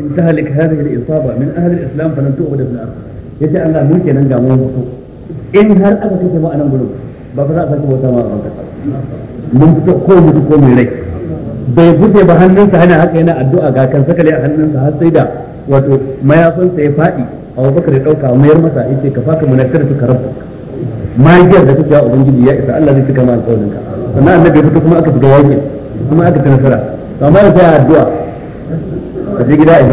in tahlik hadhihi al-isaba min ahli al-islam falan tu'bad fil ard yace Allah mu kenan ga mu mutu in har aka kace mu anan gurin ba fa za a saki bauta ma ba mun fito ko mu ko mu rai bai guje ba hannunsa hana haka yana addu'a ga kan sakale a hannunsa har sai da wato mayafinsa ya faɗi abubakar ya ɗauka mayar masa ce ka faka munakkar suka rabu magiyar da kake wa ubangiji ya isa Allah zai cika ma alƙawarinka sannan annabi ya fito kuma aka shiga yaƙi kuma aka ta nasara to amma da sai addu'a ka je gida a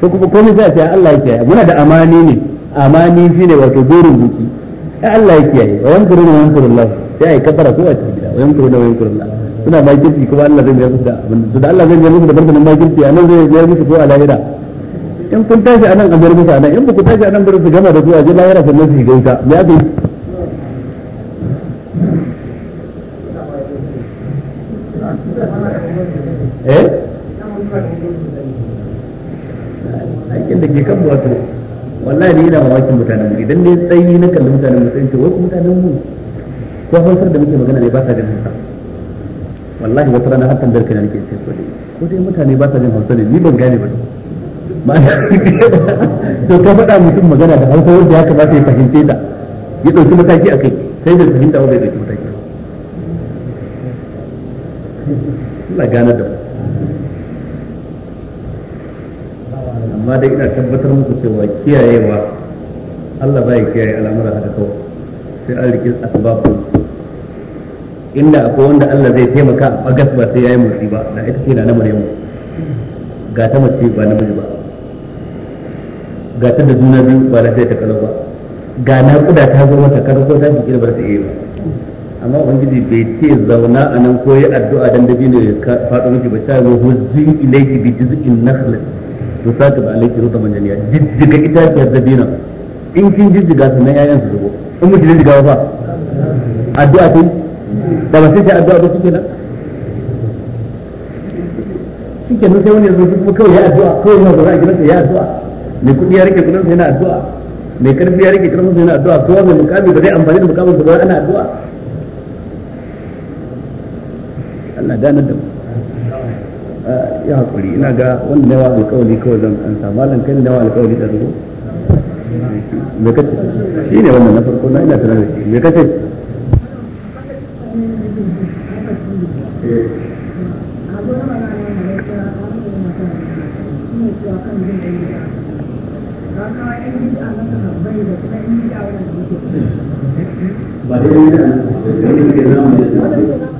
ko kuma komai a ce Allah ya kiyaye muna da amani ne amani shine wato burin buki sai Allah ya kiyaye wa yankuru wa yankuru Allah sai ai kafara ko a cikin gida wa yankuru wa yankuru suna bakirci kuma Allah zai biya da abin da Allah zai biya musu da barkanin bakirci anan zai biya musu ko a lahira in kun tashi anan a bar musu anan in ku tashi anan bar su gama da su a je lahira sannan su shiga wuta me eh aikin da ke kan wato wallahi ne yana mamakin mutanen mu idan ne tsayi na kallon mutanen mu sai ce wasu mutanen mu ko hausar da muke magana ne ba sa ganin hausa wallahi wata rana hakan darka na nake ce ko dai ko dai mutane ba sa jin hausa ne ni ban gane ba ma'ana to ka faɗa mutum magana da hausa wanda ya kamata ya fahimce ta ya ɗauki mataki a kai sai da fahimta wanda ya ɗauki mataki Allah gane da mu amma dai ina tabbatar muku cewa kiyayewa Allah bai kiyaye al'amuran haka kawai sai an rike asbabu inda akwai wanda Allah zai taimaka a gas ba sai yayi mutsi ba da ita ce na na mu ga ta mace ba namiji ba ga ta da juna biyu ba sai ta kalau ba ga na kuda ta zo mata kar ko ta jiki kira ba ta yi ba amma ubangiji bai ce zauna a nan ko yi addu'a dan ne ka fadu miki ba ta zo huzzi ilayki bi juz'in nakhlati to saka ba alaiki ruta manjaniya jijjiga ta zabina in kin jijjiga sannan yayan su zubo in mutum jijjiga ba addu'a tun ba ba sai ta addu'a ba kike nan kike nan sai wani yanzu kuma kawai ya addu'a kawai ma ba za a gidansa ya addu'a mai kuɗi ya rike kuɗinsa yana addu'a mai karfi ya rike karfinsa yana addu'a ko wani mukami ba zai amfani da mukamin sa ba ana addu'a Allah danar da mu ya haƙuri ina ga wanda dawa alƙawari kawai zan an samu alan kan dawa alƙawari da zuwa me kace shi ne wannan na farko na ina tare da shi me kace ba dai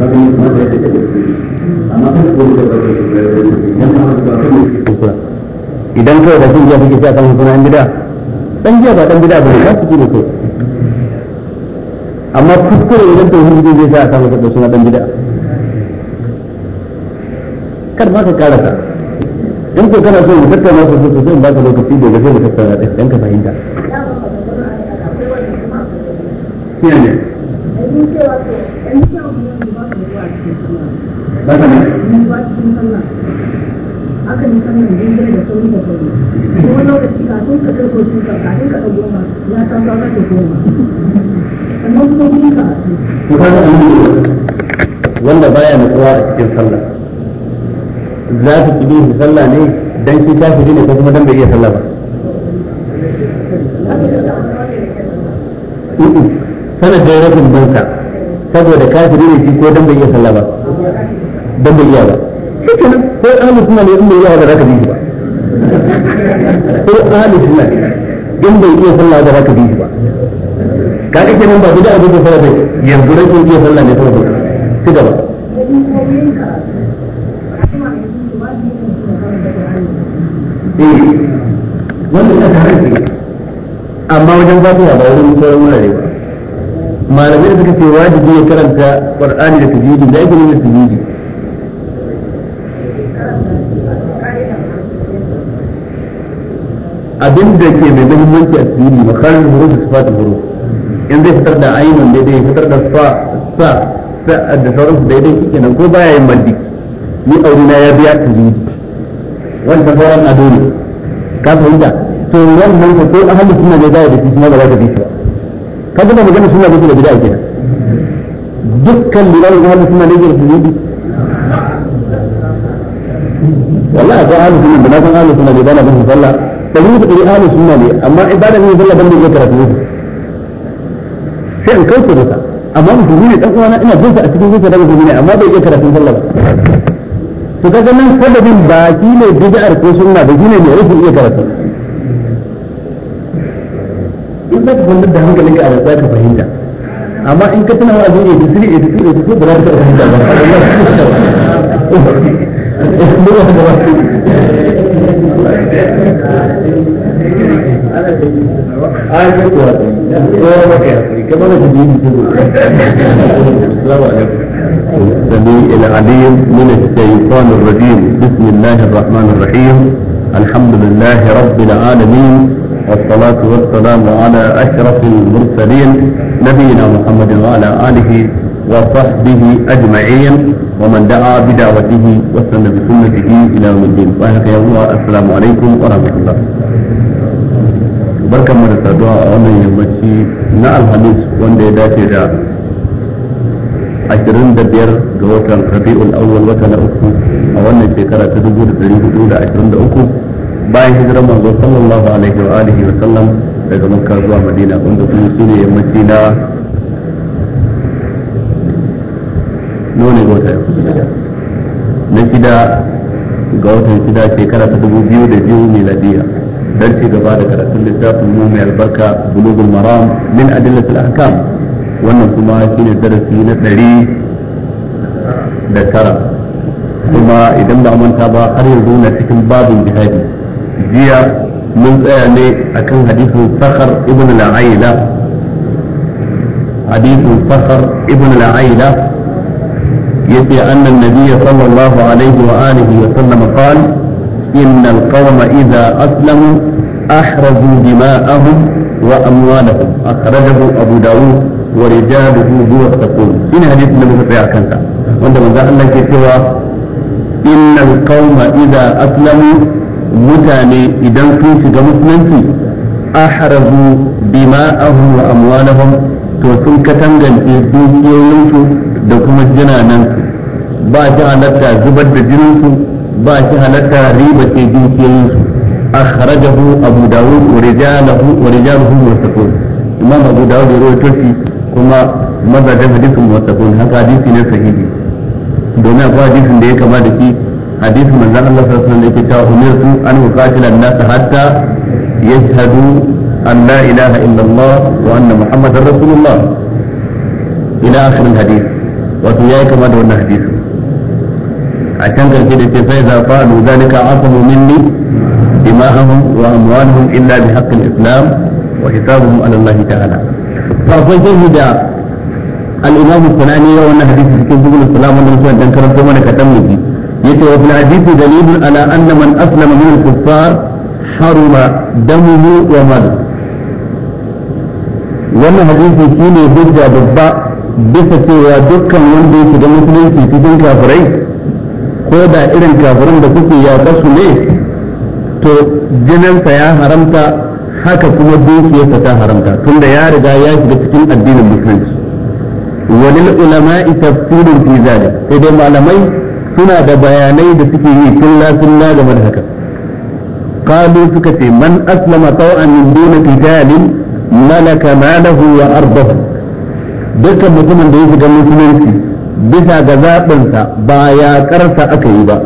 kuma idan kai da kin ya kike sa kan kuma an dan jiya ba dan bid'a ba ka kike ne kai amma kuskure idan tauhidi zai sa kan da suna dan gida kar ma ka karasa in ko kana so mu tattauna su sosai sai in baka lokaci da gaske mu tattauna dan ka fahimta ne. haka ne ka ka ba wanda baya nutsuwa a cikin sallah za ta ci bihi sallah ne dan shi fi ne ko kuma dan bai iya sallah ba sanadin rashin banka saboda kafiri ne shi ko dan bai iya sallah ba dan bai iya ba shi kenan ko ahlus sunna ne in bai iya ba za ka bi ba ko ahlus sunna in bai iya sallah ba za ka bi ba kaga kenan ba bid'a ba ko fara yanzu rake iya sallah ne saboda ci gaba eh ya tare amma wajen fatiha ba wurin sauran wurare ba malamai da suka ce wajibi ya karanta qur'ani da tajwidi da ake nuna tajwidi abinda ke mai muhimmanci a cikin ba karin huruf da sifatul huruf in zai fitar da ainun daidai fitar da sa sa da sauransu daidai shi nan ko baya yin maddi ni aure na ya biya ta yi wanda sauran ado ne ka fahimta to wannan ko ahalin suna ne baya da shi kuma ba za ta ba ka ga magana suna ne da gida a gida dukkan limamin ahalin suna ne da tajwid wallahi ko ahalin suna da na san ahalin suna ne ba na bin sallah ɗari da ɗari ahalin suna ne amma ibada ne zalla ban da iya karatu ne sai in kauce masa amma musulmi ne ɗan uwana ina jinsa a cikin zuciya daga musulmi amma bai iya karatu zalla ba to kaga nan sababin ba shi ne bid'ar ko sunna ba shi ne mai rufin iya karatu in za ka kwantar da hankalinka a za ka fahimta amma in ka tuna wa'azi ne da sirri da sirri da sirri ba za ka fahimta ba آج تو السميع العليم من الشيطان الرجيم بسم الله الرحمن الرحيم الحمد لله رب العالمين والصلاة والسلام على أشرف المرسلين نبينا محمد وعلى آله وصحبه أجمعين ومن دعا بدعوته واستنى بسنته الى يوم الدين وهك يا السلام عليكم ورحمه الله barkan mu da saduwa a wannan yammaci na alhamis wanda ya dace da 25 ga watan rabi'ul awwal wata na uku a wannan shekara ta 1423 bayan hijirar manzo sallallahu alaihi wa alihi wa sallam daga makka zuwa madina wanda kuma shine nawa ga wata yau na gida ga watan shida shekara ta dubu biyu da biyu miladiya dan ci gaba da karatun littafin mu mai albarka bulugul maram min adillatul ahkam wannan kuma shine darasi na ɗari da tara kuma idan ba manta ba har yanzu na cikin babin jihadi jiya mun tsaya ne akan hadisin sakhar ibn al-aila hadisin sakhar ibn al-aila يبي أن النبي صلى الله عليه وآله وسلم قال إن القوم إذا أسلموا أحرزوا دماءهم وأموالهم أخرجه أبو داود ورجاله هو السقوم إن حديث النبي في عكنته وعندما ذا الله سوى إن القوم إذا أسلموا متاني إذا في مسلمتي أحرزوا دماءهم وأموالهم to sun katangance dukiyoyinsu da kuma su ba shi halatta zubar da jininsu ba shi halatta riba ce dukiyoyinsu akhrajahu abu dawud wa rijaluhu wa rijaluhu wasaqun imam abu dawud ya rawaito shi kuma mazajen hadisin wasaqun haka hadisi ne sahihi domin akwai hadisin da ya kama da shi hadisin manzon Allah sallallahu alaihi wasallam da yake cewa umirtu an uqatila an-nas hatta yashhadu أن لا إله إلا الله وأن محمد رسول الله إلى آخر الحديث وتياي كما دون الحديث عشان كده فإذا فعلوا ذلك عصموا مني دماءهم وأموالهم إلا بحق الإسلام وحسابهم على الله تعالى فأقول جهد الإمام الثاني وأن حديث في جبل السلام والنسوة أن كرمتم أنا كتمني يتي وفي الحديث دليل على أن من أسلم من الكفار حرم دمه وماله wannan hadisi ne hujja babba bisa cewa dukkan wanda yake da musulunci cikin kafirai ko da irin kafirin da kuke yaƙa su ne to jininsa ya haramta haka kuma dukiyarsa ta haramta tunda ya riga ya shiga cikin addinin musulunci Wani ulama'i ita fi zalik sai dai malamai suna da bayanai da suke yi lafin na game da haka suka ce man aslama طوعا min duna قتال malaka malahu wa ardahu dukkan mutumin da ya shiga musulunci bisa ga zaɓinsa ba ya yaƙarsa aka yi ba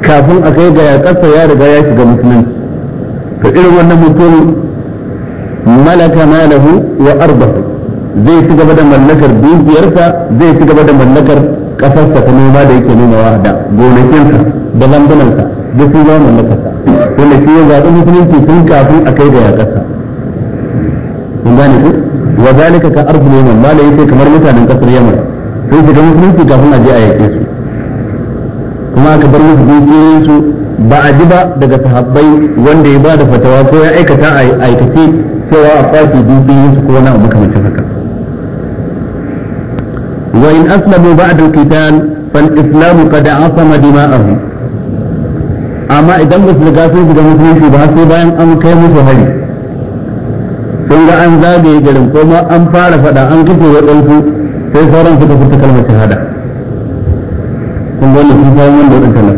kafin a kai ga yaƙarsa ya riga ya shiga musulunci to irin wannan mutum malaka malahu wa ardahu zai ci gaba da mallakar dukiyarsa zai ci gaba da mallakar ƙasarsa ta noma da yake nuna wa da gonakinsa da lambunansa duk sun zama mallakarsa wanda shi ya zaɓi musulunci tun kafin a kai ga yaƙarsa gane ku wa zalika ka ardul yaman mala yake kamar mutanen kasar yaman sun shiga musulunci kafin a je a yake su kuma aka bar musu dukiyoyin su ba a ji ba daga sahabbai wanda ya ba da fatawa ko ya aikata a aikace cewa a kwace dukiyoyin su ko wani abu makamancin haka wa in aslamu ba'da al-qital fal islamu qad asama dima'ahum amma idan ba su riga sun shiga musulunci ba sai bayan an kai musu hari sun ga an zagaye garin ko ma an fara fada an kace waɗansu sai sauran suka fita kalmar shahada kun ga wannan sun kawo wanda waɗancan na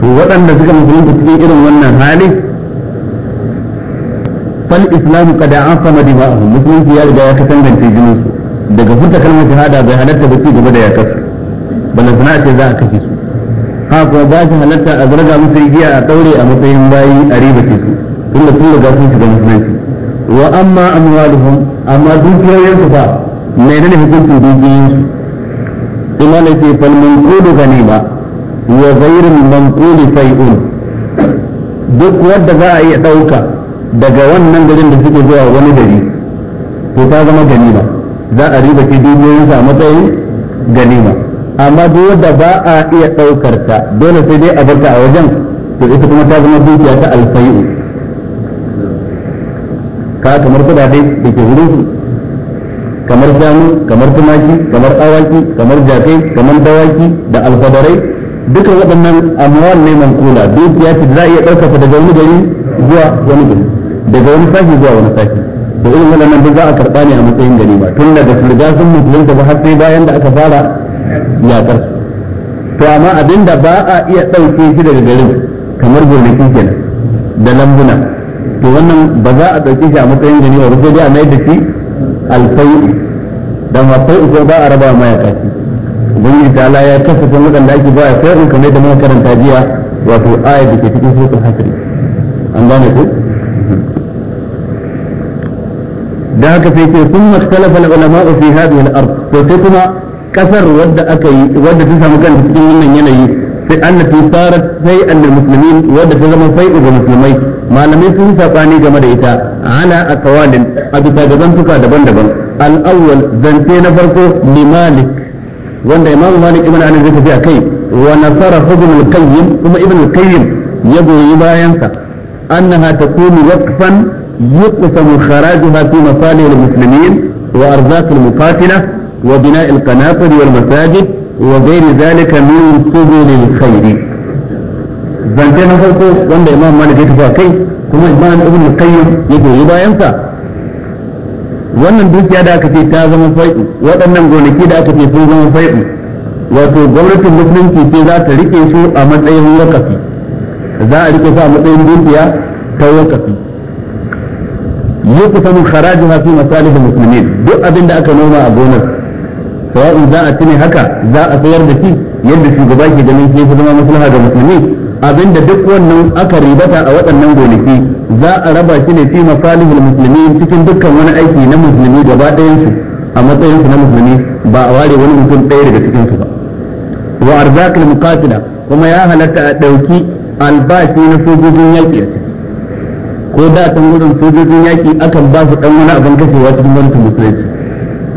to waɗanda suka musulunta cikin irin wannan hali fal islamu qad asama dima'ahum musulunci ya riga ya kasance jinin su daga fita kalmar shahada bai halatta ba ci gaba da yakar bana suna ce za a kashe su ha kuma ba shi halatta a zarga musu giya a daure a matsayin bayi a riba ce su tunda sun riga sun shiga musulunci wa amma amwaluhum amma dukiyoyin su fa menene hukuncin dukiyoyin su ina ne ke fal manqulu ganima wa ghayru manqulu shay'un duk wadda za a iya dauka daga wannan garin da suke zuwa wani gari to ta zama ganima za a riba ce dukiyoyin sa a matsayin ganima amma duk wadda ba a iya daukar ta dole sai dai a barta a wajen to ita kuma ta zama dukiya ta alfai'u ta kamar kudade da ke wurin su kamar shanu kamar tumaki kamar awaki kamar jakai kamar dawaki da alfadarai duka waɗannan amwal ne mankula ya ce za a iya ɗaukaka daga wani gari zuwa wani gari daga wani sashi zuwa wani sashi to irin waɗannan duk za a karɓa ne a matsayin gari ba tun daga su riga sun musulunta ba har sai bayan da aka fara yaƙar to amma abinda ba a iya ɗauke shi daga garin kamar gurnakin kenan da lambuna to wannan ba za a ɗauke shi a matsayin gani ba sai dai a mai da shi alfai'i da ma fai'u ko ba a raba mayaka shi ubangiji ta ala ya kasafin waɗanda ake ba a fai'u kamar da mana karanta jiya wato ayat da ke cikin suratul hasri an gane ku da haka sai ce sun makhtalafa al-ulama'u fi hadhihi al-ard to sai kuma kasar wadda aka yi wadda ta samu kanta cikin wannan yanayi sai allati sarat sai annal muslimin wadda ta zama sai ga musulmai malamai sun saɓani game da ita ala aqwalin a bisa ga zantuka daban-daban al zance na farko ni malik wanda imam malik ibn anas zai tafi kai. wa nasara ibn al-qayyim kuma ibn al-qayyim ya goyi bayan sa annaha takunu waqfan yuqsamu kharajuha fi masalih al-muslimin wa arzaq al-muqatila wa bina' al-qanatir wal masajid وغير ذلك من سبل الخير zance na farko wanda imam malik ya tafi kai kuma imam ibn qayyim ya goyi bayansa wannan dukiya da aka ce ta zama fai'u waɗannan gonaki da aka ce sun zama fai'u wato gwamnatin musulunci ce za ta rike su a matsayin wakafi za a rike su a matsayin dukiya ta wakafi yi kusan haraji hafi masalihin musulmi duk abinda aka noma a gonar sawa'in za a tuni haka za a sayar da shi yadda shugaba ke ganin shi zama maslaha ga musulmi abinda duk wannan aka ribata a waɗannan gonaki za a raba shi ne fi masalihul musulmi cikin dukkan wani aiki na musulmi gaba ɗayansu a matsayinsu na musulmi ba a ware wani mutum ɗaya daga cikinsu ba wa arzakil muqatila kuma ya halatta a ɗauki albashi na sojojin yaƙi ko da kan sojojin yaƙi akan ba su ɗan wani abin kashewa cikin wani musulunci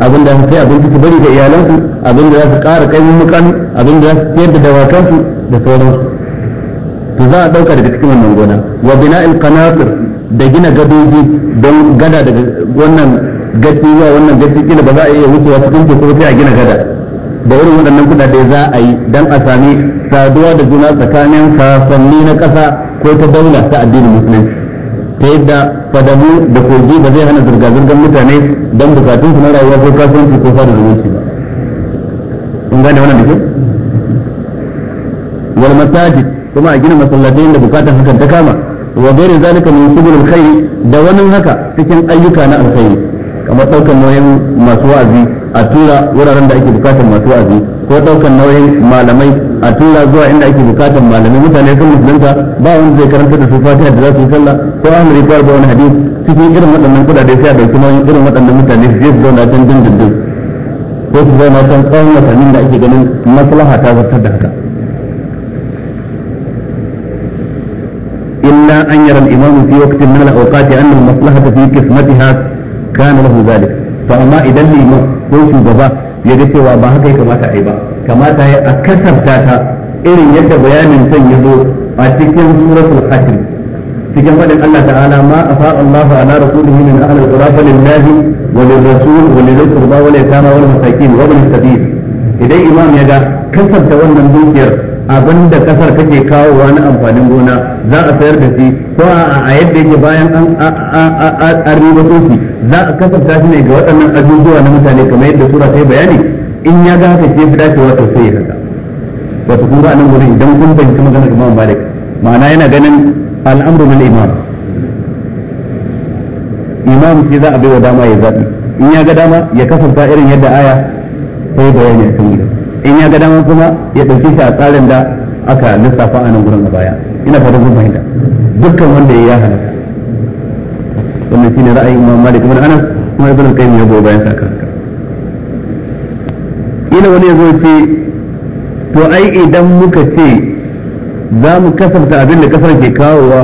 abin da kai abin su bari ga iyalansu abin da za su ƙara ƙaimin mukami abin da za su ciyar da dawakansu da sauransu to za a ɗauka daga cikin wannan gona wa bina'il qanatir da gina gadoji don gada daga wannan gaci zuwa wannan gaci kila ba za a iya wucewa cikin teku sai a gina gada da wurin waɗannan kuɗaɗe za a yi don a sami saduwa da juna tsakanin sasanni na ƙasa ko ta daula ta addinin musulunci ta yadda fadamu da kogi ba zai hana zirga-zirgar mutane don bukatun su na rayuwa ko kasuwanci ko fada zumunci ba in gane wannan bikin. masajid kuma a gina masallatai da bukatar hakan ta kama wa gairi zalika min subul alkhairi da wani haka cikin ayyuka na alkhairi kamar daukar nauyin masu wa'azi a tura wuraren da ake bukatar masu wa'azi ko daukan nauyin malamai a tura zuwa inda ake bukatan malamai mutane sun musulunta ba wanda zai karanta da su fatiha da za su yi sallah ko amri ba wani hadisi cikin irin waɗannan kuɗaɗe sai a ɗauki nauyin irin waɗannan mutane su je su zauna can dindindin ko su zauna can tsawon watannin da ake ganin maslaha ta zartar da haka إلا أن يرى الإمام في وقت من الأوقات أن المصلحة في قسمتها كان له ذلك فأما إذا لي ko ya ga cewa ba haka ya kamata a yi ba kamata ya a kasarta ta irin yadda bayanin son ya zo a cikin suratul hashr cikin faɗin Allah ta'ala ma afa Allahu ala rasulihi min ahli al-qura fa lillahi wa lirrasul wa wani qurba wa lil yatama wal masakin wa bil sabil idan imam ya ga kasarta wannan dukiyar abin da kasar kake wa na amfanin gona za a sayar da shi ko a yadda yake bayan an arribato shi za a kasafta shi ne ga waɗannan ajujuwa na mutane kamar yadda sura ta yi bayani in ya ga haka ke fi dacewa to sai ya haka wato kun ga nan gurin idan kun fahimci maganar Imam Malik ma'ana yana ganin al'amru min imam imam shi za a bai wa dama ya zaɓi in ya ga dama ya kasafta irin yadda aya sai bayani a kan gidan in ya ga dama kuma ya ɗauki shi a tsarin da aka lissafa a nan gurin a baya ina fatan kun fahimta dukkan wanda ya halatta wannan shine ra'ayin Imam Malik ibn Anas kuma Ibn Qayyim ya goyi bayan saka ina wani yazo ce to ai idan muka ce za mu kasafta abin da kasar ke kawowa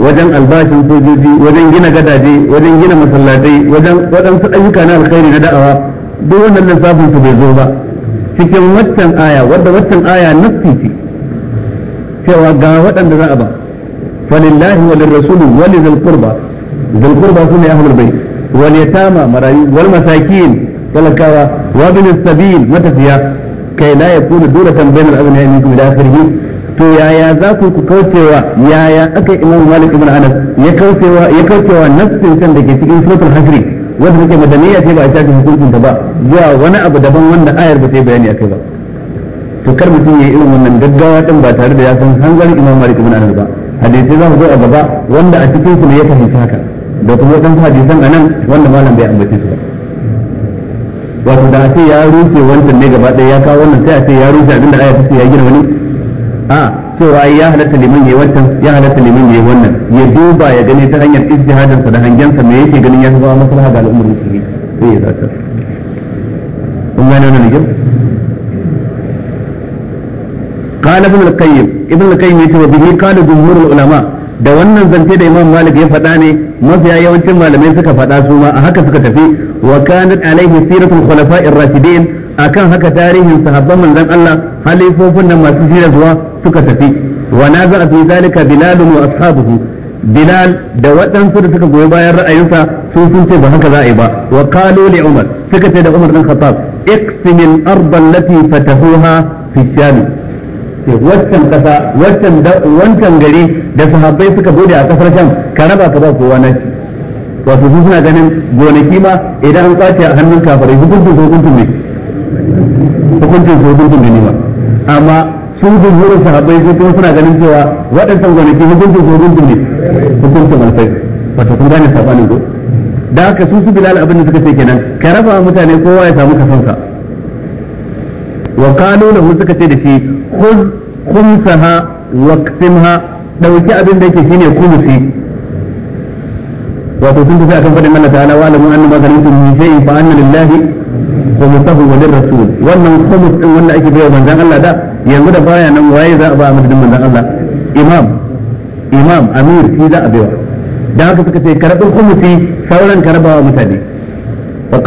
wajen albashin sojoji wajen gina gadaje wajen gina masallatai wajen waɗansu ayyuka na alkhairi na da'awa duk wannan lissafin su bai zo ba cikin waccan aya wadda waccan aya nassi ce cewa ga waɗanda za a ba falillahi wa lirrasuli wa lizil qurba zil qurba sune ahlul bait wal yatama marayu wal masakin talakawa wa bil sabil matafiya kai la yakunu dulatan bainal aghniya minkum ila akhirih to yaya za ku ku kaucewa yaya aka imam malik ibn anas ya kaucewa ya kaucewa nassin can da ke cikin suratul hasri wanda take madaniya ce ba a shafi hukuncin ta ba zuwa wani abu daban wanda ayar ba ta yi bayani a akai ba to kar mutum ya yi irin wannan gaggawa din ba tare da ya san hanzarin imam malik ibn anas ba hadisi za mu zo a gaba wanda a cikin su ne ya fahimci haka da kuma wadansu hadisan nan wanda malam bai ambace su ba wato da a ce ya rufe wancan ne gaba ɗaya ya kawo wannan sai a ce ya rufe abinda aya ta ce ya gina wani A'a. cewa ya halatta liman yayi wancan ya halatta liman wannan ya duba ya gani ta hanyar ijtihadin sa da hangen sa me yake ganin ya zama maslaha ga al'ummar musulmi sai ya zata kun gane wannan ne قال ابن القيم ابن القيم يتوى به قال جمهور العلماء da wannan zance da imam malik ya faɗa ne mafiya yawancin malamai suka faɗa su ma a haka suka tafi wa kanat alaihi siratul khulafa'ir rashidin akan haka tarihin sahabban manzon Allah halifofin nan masu jira zuwa suka tafi wa naza'a fi zalika bilal wa ashabuhu bilal da waɗansu da suka goyi bayan ra'ayinsa su sun ce ba haka za a yi ba wa qalu li umar suka ce da umar ɗan khattab iqsim al lati allati fatahuha fi sham ce wancan kasa wancan wancan gari da sahabbai suka bude a kasar sham ka raba ka ba kowa na wato su suna ganin gonaki ma idan an kwace a hannun kafirai hukuncin hukuncin ne hukuncin su hukuncin ganima amma su jumhurin sahabbai sai kuma suna ganin cewa waɗansan gwanaki hukuncin su hukuncin ne hukuncin alfai wato kun gane sabanin ko da haka su su bilal abin da suka ce kenan ka raba mutane kowa ya samu kasansa wa qalu mu suka ce da shi khudh khumsaha wa qsimha dauki abin da yake shine khumsi wato sun tafi akan fadin Allah ta'ala wa alamu anna ma ghanimtum min shay'in fa anna lillahi khumsahu wa lirrasul wannan khumus wanda ake bayar manzon Allah da yanzu da baya nan waye za a imam imam a bayar da haka suka ce karabin khumusi sauran karabawa mutane wa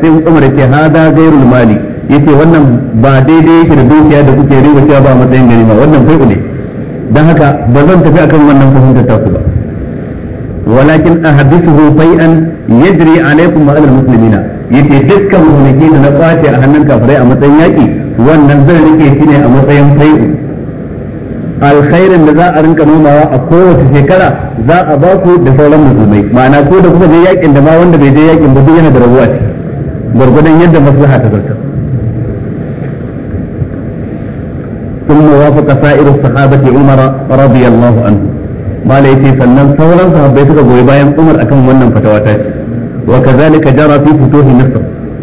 sai umar yace hada ghairul yace wannan ba daidai yake da dukiya da kuke riba cewa ba matsayin gari ba wannan fai'u ba zan tafi akan wannan ولكن أحدثه بيئا يجري عليكم وعلى المسلمين yake dukkan gonaki da na kwace a hannun kafirai a matsayin yaki wannan zan rike shi ne a matsayin fai'u alkhairin da za a rinka nomawa a kowace shekara za a ba ku da sauran musulmai ma'ana ko da kuka je yakin da ma wanda bai je yakin ba duk yana da rabuwa ce gwargwadon yadda maslaha ta zarta ثم وافق سائر الصحابة عمر رضي الله عنه ما ليتي سنن ثورا صحابي suka goyi bayan Umar akan wannan fatawa ta ce وكذلك جرى في فتوح مصر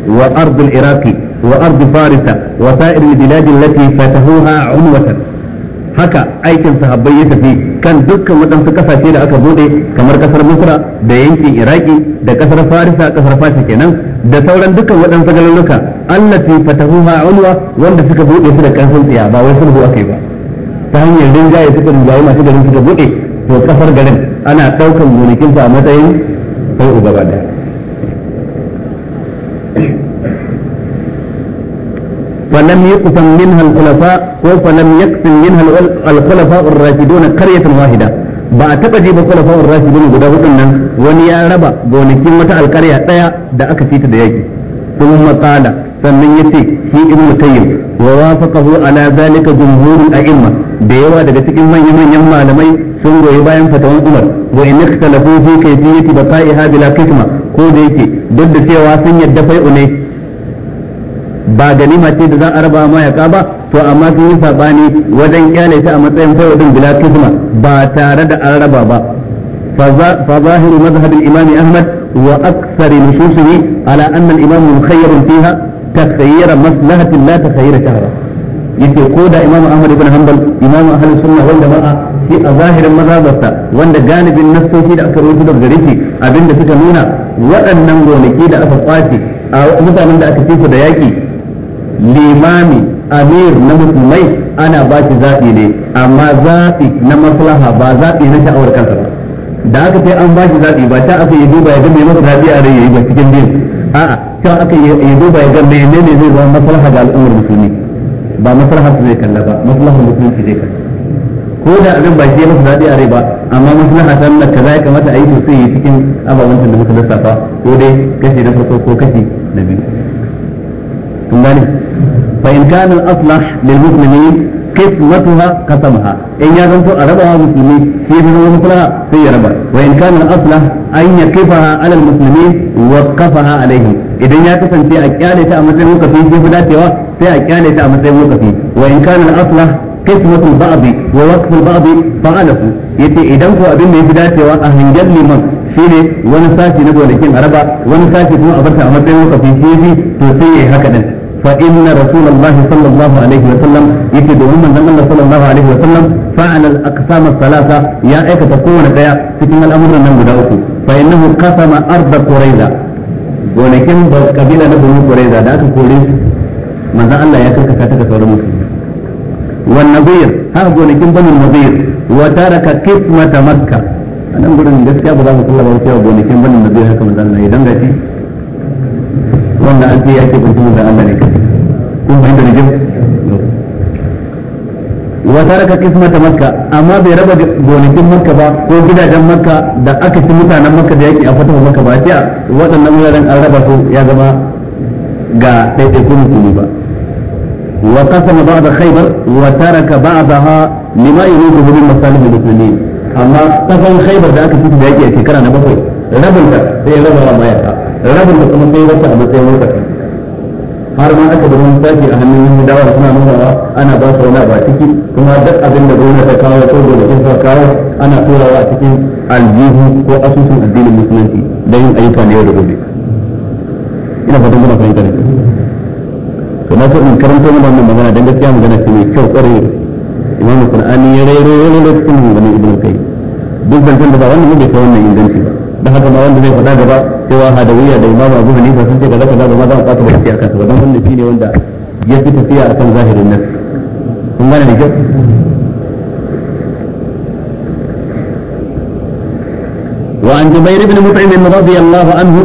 وأرض العراق وأرض فارس وسائر البلاد التي فتحوها عنوة haka aikin sahabbai ya tafi kan dukkan waɗansu kasashe da aka bude kamar ƙasar Misra da yankin Iraki da ƙasar Farisa kasar Fasha kenan da sauran dukkan waɗansu garuruka allati fatahuha ulwa wanda suka bude su da karfin tsiya ba wai sulhu akai ba ta hanyar rinjaye suka rinjaye masu garin suka bude to kasar garin ana ɗaukar gonakin a matsayin sai uba ba daya فلم يقسم منها الخلفاء فلم يقسم منها الخلفاء الراشدون قرية واحدة ba a taɓa ji ba khulafa rashidun guda hudun nan wani ya raba gonakin wata alkarya ɗaya da aka fita da yaki kuma matsala sannan ya ce shi ibnu tayyib wa wafaqahu ala zalika jumhurul a'imma da yawa daga cikin manyan manyan malamai sun goyi bayan fatawan Umar wa in ikhtalafu fi kayfiyati baqa'iha bila qisma ko da yake duk da cewa sun yadda fai'u ne ba ganima ce da za a raba mayaka ba to amma sun yi sabani wajen kyale shi a matsayin fawadin bila kisma ba tare da an raba ba fa zahiru mazhabin imami ahmad wa aksari nususihi ala anna al-imam mukhayyarun fiha takhayyara maslahatin la takhayyara shahra yace ko da imam ahmad ibn hanbal imam ahlus sunna wal jamaa shi a zahirin mazhabarsa wanda galibin nassoshi da aka rubuta daga gare shi abinda suka nuna waɗannan gonaki da aka kwace a mutanen da aka ci da yaki limami amir na musulmai ana ba shi zaɓi ne amma zaɓi na maslaha ba zaɓi na sha'awar kansa ba da aka sai an ba shi zaɓi ba ta aka yi duba ya ga mai masa zaɓi a rai yi ba cikin din a'a ta aka yi duba ya ga ne zai zama maslaha ga al'ummar musulmi ba maslaha su zai kalla ba maslaha musulmi zai kalla ko da abin ba shi masa zaɓi a rai ba amma maslaha ta nuna kaza ya kamata a yi sosai cikin ababen da muka lissafa ko dai kashi na farko ko kashi na biyu kun gane fa in kana al-aslah lil muslimin qismatuha qasamaha in ya zanto a rabawa musulmi shi ya zama maslaha sai ya raba wa in kana al-aslah an yaqifaha ala al-muslimin wa qafaha alaihim idan ya kasance a kyale ta a matsayin wakafi sai fi dacewa sai a kyale ta a matsayin wakafi wa in kana al-aslah قسمة البعض ووقف البعض فعله yace idan ko abin da yafi a hangen liman shine wani sashi na gonakin araba wani sashi kuma a barta a matsayin wakafi shi to sai yayi haka din فإن رسول الله صلى الله عليه وسلم يكد من ذنب الله صلى الله عليه وسلم فعل الأقسام الثلاثة يا إيك تكون كيا سكن الأمر من مدعوك فإنه قسم أرض قريظة ولكن قبيلة بنو قريظة ذاك قولي من ذا الله يكرك كاتك سورة مسلم والنظير هذا ولكن بنو النظير وترك قسمة مكة أنا أقول إن جسكي أبو الله صلى الله عليه وسلم ولكن بنو النظير هكذا من ذا الله يدنجتي wannan an ce ya ce ban tumu da Allah ne kai kun fahimta da kyau wa taraka kismata makka amma bai raba gonakin makka ba ko gidajen makka da aka ci mutanen makka da yake a fatawa makka ba ta waɗannan wuraren an raba su ya zama ga ɗaiɗaikun musulmi ba wa qasama da khaybar wa taraka ba'daha lima yuridu min masalih al-muslimin amma kasan khaybar da aka ci da yake a shekara na bakwai rabinta sai ya raba wa mayaka rabin da kuma sai wata a matsayin wata har ma aka da wani a hannun yin dawa da suna nuna ana ba su wani ba ciki kuma duk abin da gwamnati ta kawo ko da gonakin ta kawo ana turawa a cikin aljihu ko asusun addinin musulunci don yin ayyuka na yau da gobe ina fatan muna fahimta da to na so in karanta mana wannan magana dan gaskiya magana ce mai kyau kware imamu qur'ani ya rairo wani lokacin mun ganin ibnu kai duk zancen da ba wannan ne bai wannan inganci ba da haka ma wanda zai faɗa gaba cewa hadawiyya da imamu abu hanifa sun ce kaza kaza ba ma za a fata da tafiya kasa ba don wannan shine wanda ya fi tafiya akan zahirin nan kun gane da kyau وعن جبير بن مطعم رضي الله عنه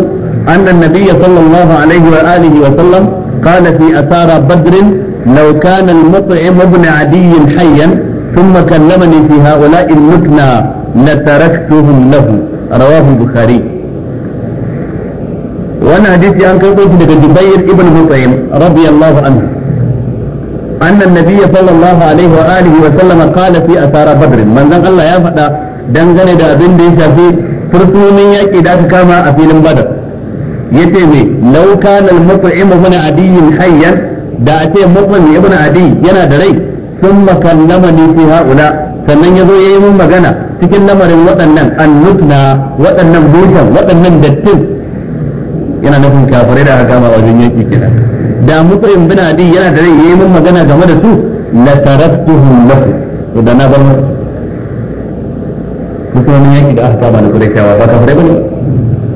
أن النبي صلى الله عليه وآله وسلم قال في أثار بدر لو كان المطعم ابن عدي حيا ثم كلمني في هؤلاء المكنى لتركتهم له rawahu bukhari wannan hadisi an karɓo shi daga jubair ibn mutaim radiyallahu anhu أن النبي صلى الله عليه وآله وسلم قال في أثار بدر من ذن الله يفعل دنجل دا أبن دي شافي فرسوني يكي دا كما أفين بدر يتيمي لو كان المطعم ابن عدي حيا دا أتي مطعم ابن عدي ينا دري ثم كلمني في هؤلاء sannan ya zo ya yi mun magana cikin lamarin waɗannan annukna, waɗannan bushan waɗannan dattin yana nufin kafare da aka kama wajen yanki kenan da mutsayin bin adi yana da rai yayin magana game da su la taraktuhum lahu da na bar musu wannan yaki da aka kama da kurayshawa ba ba bane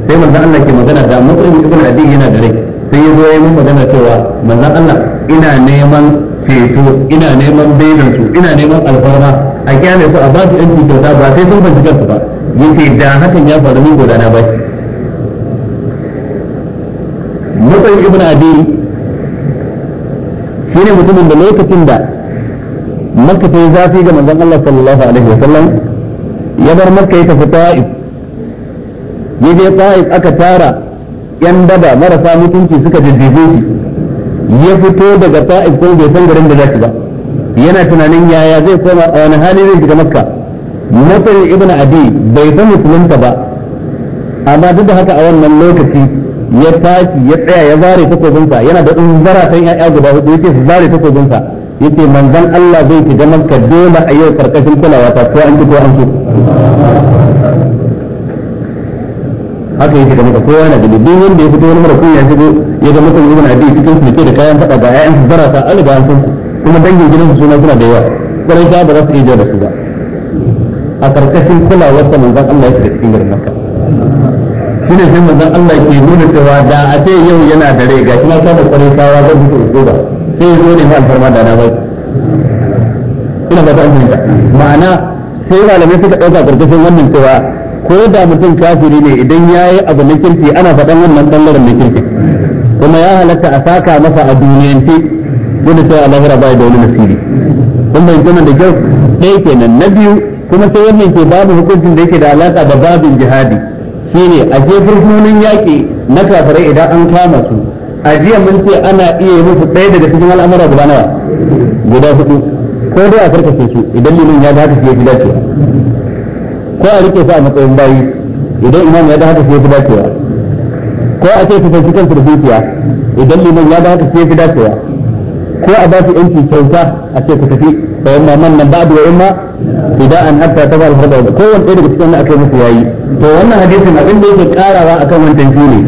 sai manzon Allah ke magana da mutumin bin adi yana da rai sai ya zo yayi mun magana cewa manzon Allah ina neman ceto ina neman bayyana su ina neman alfarma a kyale su a ba su yanci kyauta ba sai sun bincika su ba yace da hakan ya faru min gudana ba mutan ibn shi shine mutumin da lokacin da makka ta yi zafi ga manzon Allah sallallahu alaihi wasallam ya bar makka ya tafi ta'if ya je ta'if aka tara yan daba marasa mutunci suka jirgin shi ya fito daga ta'if ko bai san garin da za ba yana tunanin yaya zai koma a wani hali zai shiga makka matsayin ibn adi bai san musulunta ba amma duk da haka a wannan lokaci ya tashi ya tsaya ya zare takobinsa yana da zara zaratan ya'ya guda hudu yake su zare takobinsa yace manzon Allah zai shiga makka dole a yau karkashin kulawa ta ko an ji ko an so haka yake da maka kowa yana da duk wanda ya fito wani mara kunya ya shigo ya ga mutum ibn adi cikin sulke da kayan fada ga ƴaƴan zarata an riga an san kuma dangin gidan suna suna da yawa ƙwarai ta ba za su iya da su ba a ƙarƙashin kulawar sa manzon Allah ya da cikin garin Makka shi ne sai manzon Allah ke nuna cewa da a ce yau yana da rai ga kuma ta da kawa ta ba zan fito ba sai zo ne ma alfarma da na bai ina ba ta ta. ma'ana sai malamai suka ɗauka karkashin wannan cewa ko da mutum kafiri ne idan ya yi abu na kirki ana faɗan wannan ɓangaren na kirki kuma ya halatta a saka masa a duniyance dole sai a lahira baya da wani nasiri kun bai gina da kyau ɗaya kenan na biyu kuma sai wannan ke babu hukuncin da yake da alaka da babin jihadi shine a ke furfunan yaƙi na kafirai idan an kama su a jiya mun ce ana iya yi musu ɗaya daga cikin al'amura guda nawa guda hudu ko dai a karkace su idan limin ya da haka sai ya fi dacewa ko a rike su a matsayin bayi idan imam ya da haka sai ya fi dacewa ko a ce su fanci kansu da idan liman ya ga haka sai fi dacewa ko a ba su yanki kyauta a ce ku tafi da yamma man nan ba'du wa yamma bida'an hatta tabal farda ko wanda daga cikin aka yi musu yayi to wannan hadisin abin da yake karawa akan wannan shine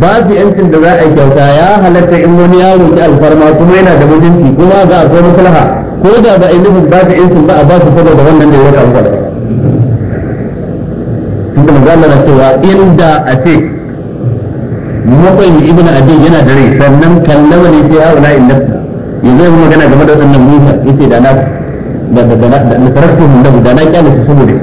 babu yancin da za a yi kyauta ya halatta in wani yaro roki alfarma kuma yana da mutunci kuma ga akwai maslaha ko da ba a yi nufin su yancin ba a ba su saboda wannan da ya roƙa alfarma da manzo na cewa inda a ce mutum ibn abi yana da rai sannan kallama ne sai ya wala in nafsa yanzu yanzu magana game da wannan musa yace da na da da da da taraktu mun da da na kyale su saboda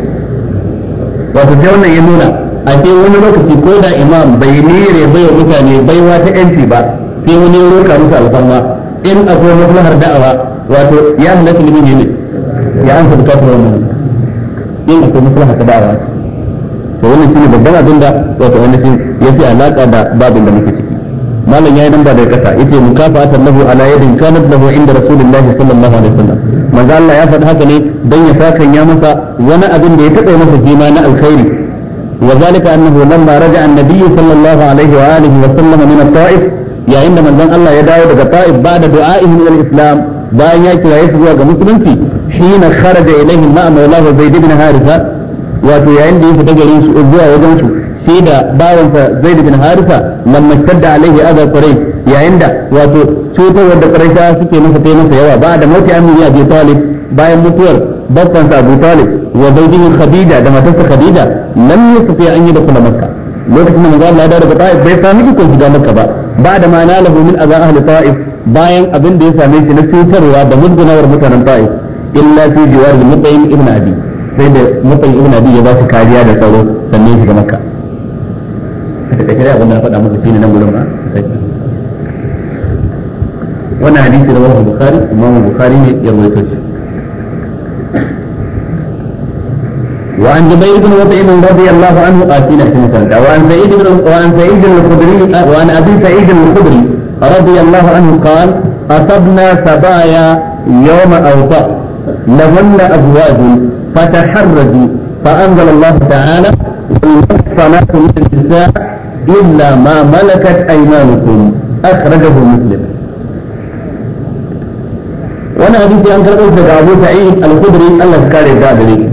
wato sai wannan ya nuna a ce wani lokaci ko da imam bai nire bai wa mutane baiwa ta yanci ba sai wani ya roka musu alfarma in akwai maslahar da'awa wato ya halatta limin ne ya an sabta ta wannan in akwai maslahar ta da'awa to wannan shine babban abin da wato wannan shi yake alaka da babin da muke ciki malam ya nan ba da kasa yace mukafatan lahu ala yadin kanat lahu inda rasulullahi sallallahu alaihi wasallam manzo Allah ya faɗi haka ne dan ya sakan ya masa wani abin da ya taɓa masa shi na alkhairi wa zalika annahu lamma raja'a an-nabiy sallallahu alaihi wa sallam min at-ta'if yayin da manzon Allah ya dawo daga ta'if ba'da du'a ila islam bayan ya kiraye su zuwa ga musulunci hina kharaja ilaihim ma'a mawlahu zaid ibn haritha wato yayin da ya fita garin su zuwa wajen su shi da bawansa zaid bin harisa lamma da alaihi adha quraish yayin da wato cutarwar da quraisha suke masa taimaka masa yawa ba da mauti amini abi talib bayan mutuwar babbansa abu talib wa zawjihi khadija da matarsa khadija lam yastati an kula makka lokacin da manzo Allah ya dawo ta'if bai sami iko shiga makka ba ba da ma nalahu min azan ahli ta'if bayan abin da ya same shi na cutarwa da mudgunawar mutanen ta'if illa fi jiwar mutaim ibn abi sai da mutaim ibn abi ya ba shi kariya da tsaro sannan shiga makka a takaice dai abin da na faɗa nan wannan hadisi da wani bukari bukari ne ya shi وعن جبير بن مطعم رضي الله عنه قال في مسند وعن سعيد بن وعن سعيد الخدري وعن ابي سعيد الخدري رضي الله عنه قال اصبنا صبايا يوم اوطا لهن ازواج فتحرجوا فانزل الله تعالى والمحصنات من النساء إلا ما ملكت أيمانكم أخرجه مسلم وانا حديثي أن كربت لك أبو سعيد الخدري الله كاري الدادري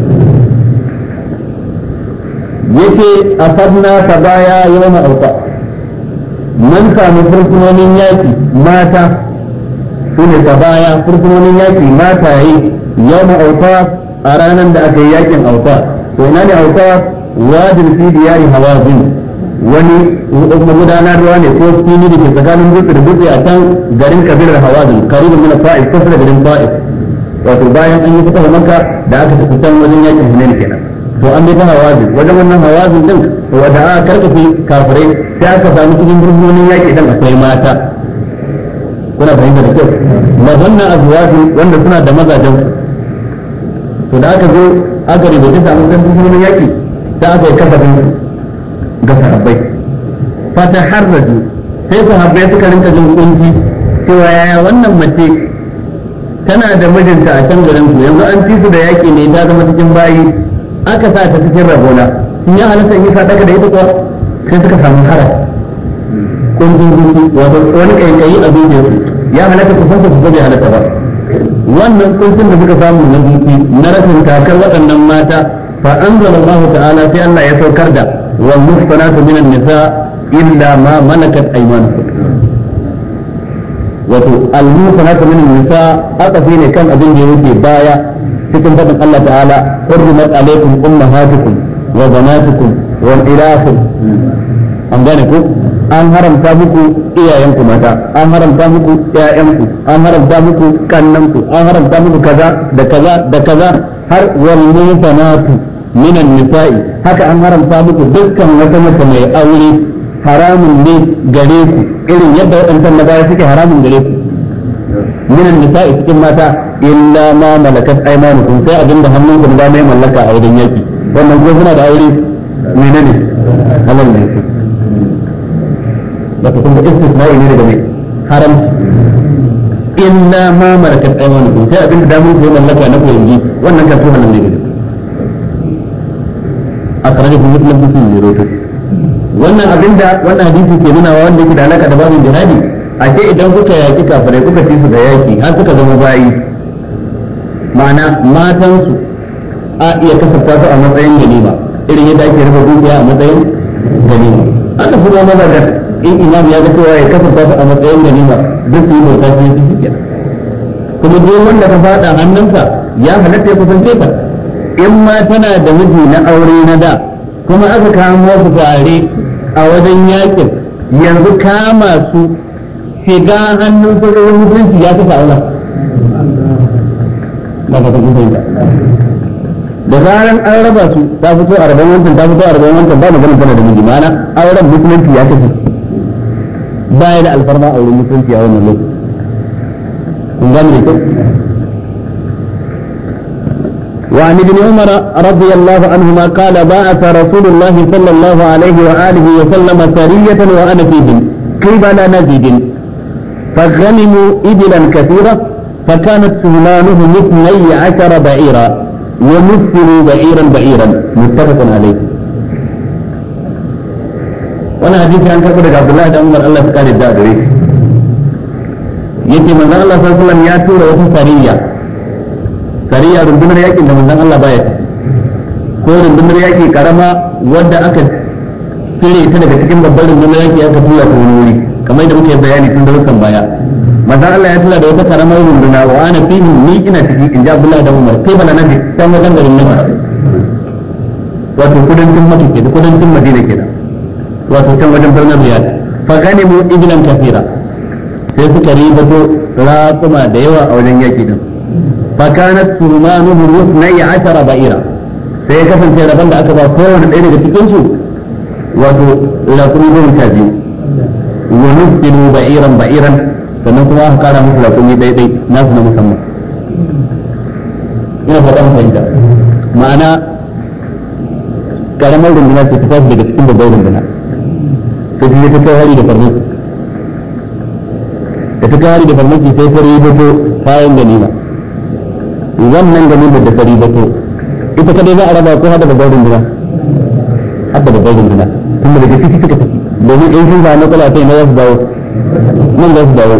يكي أصبنا سبايا يوم أوطأ من سامي فرسنونين ياكي ماتا سنة سبايا فرسنونين ماتا هي يوم أوطأ أرانا دا أكياكي أوطأ وإناني أوطأ واد في ديار هوازن wani magudanar ruwa ne ko fili da ke tsakanin dutse da dutse a can garin kabilar hawazin karibin mana fa'is ko da garin fa'is wato bayan an yi fita wa manka da aka tafi can wajen yakin hunain kenan to an bai ta hawazin wajen wannan hawazin din wanda aka karkafi kafirai sai aka samu cikin birnin yaki dan akwai mata kuna fahimta da kyau ma wannan azwaji wanda suna da mazajen to da aka zo aka rubuta samu cikin birnin yaki sai aka yi kafa ga sahabbai fata harraju sai sahabbai suka rinka jin kunki cewa yaya wannan mace tana da mijinta a can garin su yanzu an ci su da yaƙi ne ta zama cikin bayi aka sa ta cikin rabona in ya halatta in yi sadaka da ita kuwa sai suka samu hara kungin gungi wato wani kaikayi a su ya halatta ku fasa su ba bai halatta ba wannan kuncin da suka samu na duki na rashin kakar waɗannan mata fa anzala Allah ta'ala sai Allah ya saukar da والمحصنات من النساء إلا ما ملكت أيمانكم wato al-musanatu min nisa aka fi ne kan abin da ya wuce baya cikin fadin Allah ta'ala hurrimat alaykum ummahatukum wa banatukum wa iraqukum an gane ku an haramta muku iyayenku mata an haramta muku iyayenku an haramta muku kannanku an haramta muku kaza da kaza da kaza har wal musanatu minan nisa'i haka an haramta muku dukkan wata mace mai aure haramun ne gare ku irin yadda waɗancan maza suke haramun gare ku minan nisa'i cikin mata illa ma malakat aymanukum sai abin da hannun ku da a wajen yaki wannan ko suna da aure menene halal ne shi wato kuma istisna'i ne daga mai haram illa ma malakat aymanukum sai abin da damun ku mallaka na koyi wannan kan halal ne akhrajahu muslim muslim ne rawaito wannan abinda wannan hadisi ke nuna wanda yake da alaka da babin jihadi a ce idan kuka yaki kafirai kuka ci su da yaki har kuka zama bayi ma'ana matansu a iya kasafta su a matsayin ganima irin yadda ake rufe dukiya a matsayin ganima haka kuma maza da in imam ya ga cewa ya kasafta su a matsayin ganima duk su yi bauta su yi kuma duk wanda ka fada hannunka ya halatta ya kusance ka in ma tana da miji na aure na da kuma aka kamo su tare a wajen yakin yanzu kama su shiga hannun sojojin mutunci ya fi sa'ula da zaran an raba su ta fito a rabon wancan ta fito a rabon wancan ba magana tana da miji mana auren mutunci ya Ba ya da alfarma wurin mutunci a wannan lokaci kun gane وعن ابن عمر رضي الله عنهما قال بعث رسول الله صلى الله عليه وآله وسلم سرية وأنا فيهم قبل نجد فغنموا إبلا كثيرة فكانت سهمانهم اثني عشر بعيرا ومثلوا بعيرا بعيرا متفق عليه وانا حديث عن كبير عبد الله بن عمر الله تعالى الدادري يتي من الله صلى الله عليه وسلم يأتوا سورة سرية sariya rundunar yakin da manzon Allah baya ko rundunar yaki karama wanda aka tsire ta daga cikin babbar rundunar yaki aka tura ta wani wuri kamar yadda muke bayani tun darussan baya manzon Allah ya tura da wata karamar runduna wa ana fihi ni ina ciki in ja Abdullah da Umar kai bala nabi san wajen garin Nabi wato kudancin ke kenan kudancin Madina kenan wato can wajen birnin Riyadh fa ganimu ibnan kafira sai suka ribato raƙuma da yawa a wajen yaki din فكانت ثمانهم اثني عشر بئرا sai ya kasance rabon da aka ba kowane ɗaya daga cikinsu wato lakun goma sha biyu wa nufilu ba'iran ba'iran sannan kuma aka kara musu lakun ne ɗaiɗai nasu na musamman ina fata mu fahimta ma'ana karamar runduna ce ta tashi daga cikin babbar runduna sai ta ta kai hari da farmaki da ta kai hari da farmaki sai fari ya fito kayan ganima wannan ganin da dafari da ko ita kadai za a raba ko hada babbar runduna hada babbar da tunda da ciki suka tafi domin in sun samu kula sai na za su dawo nan za su dawo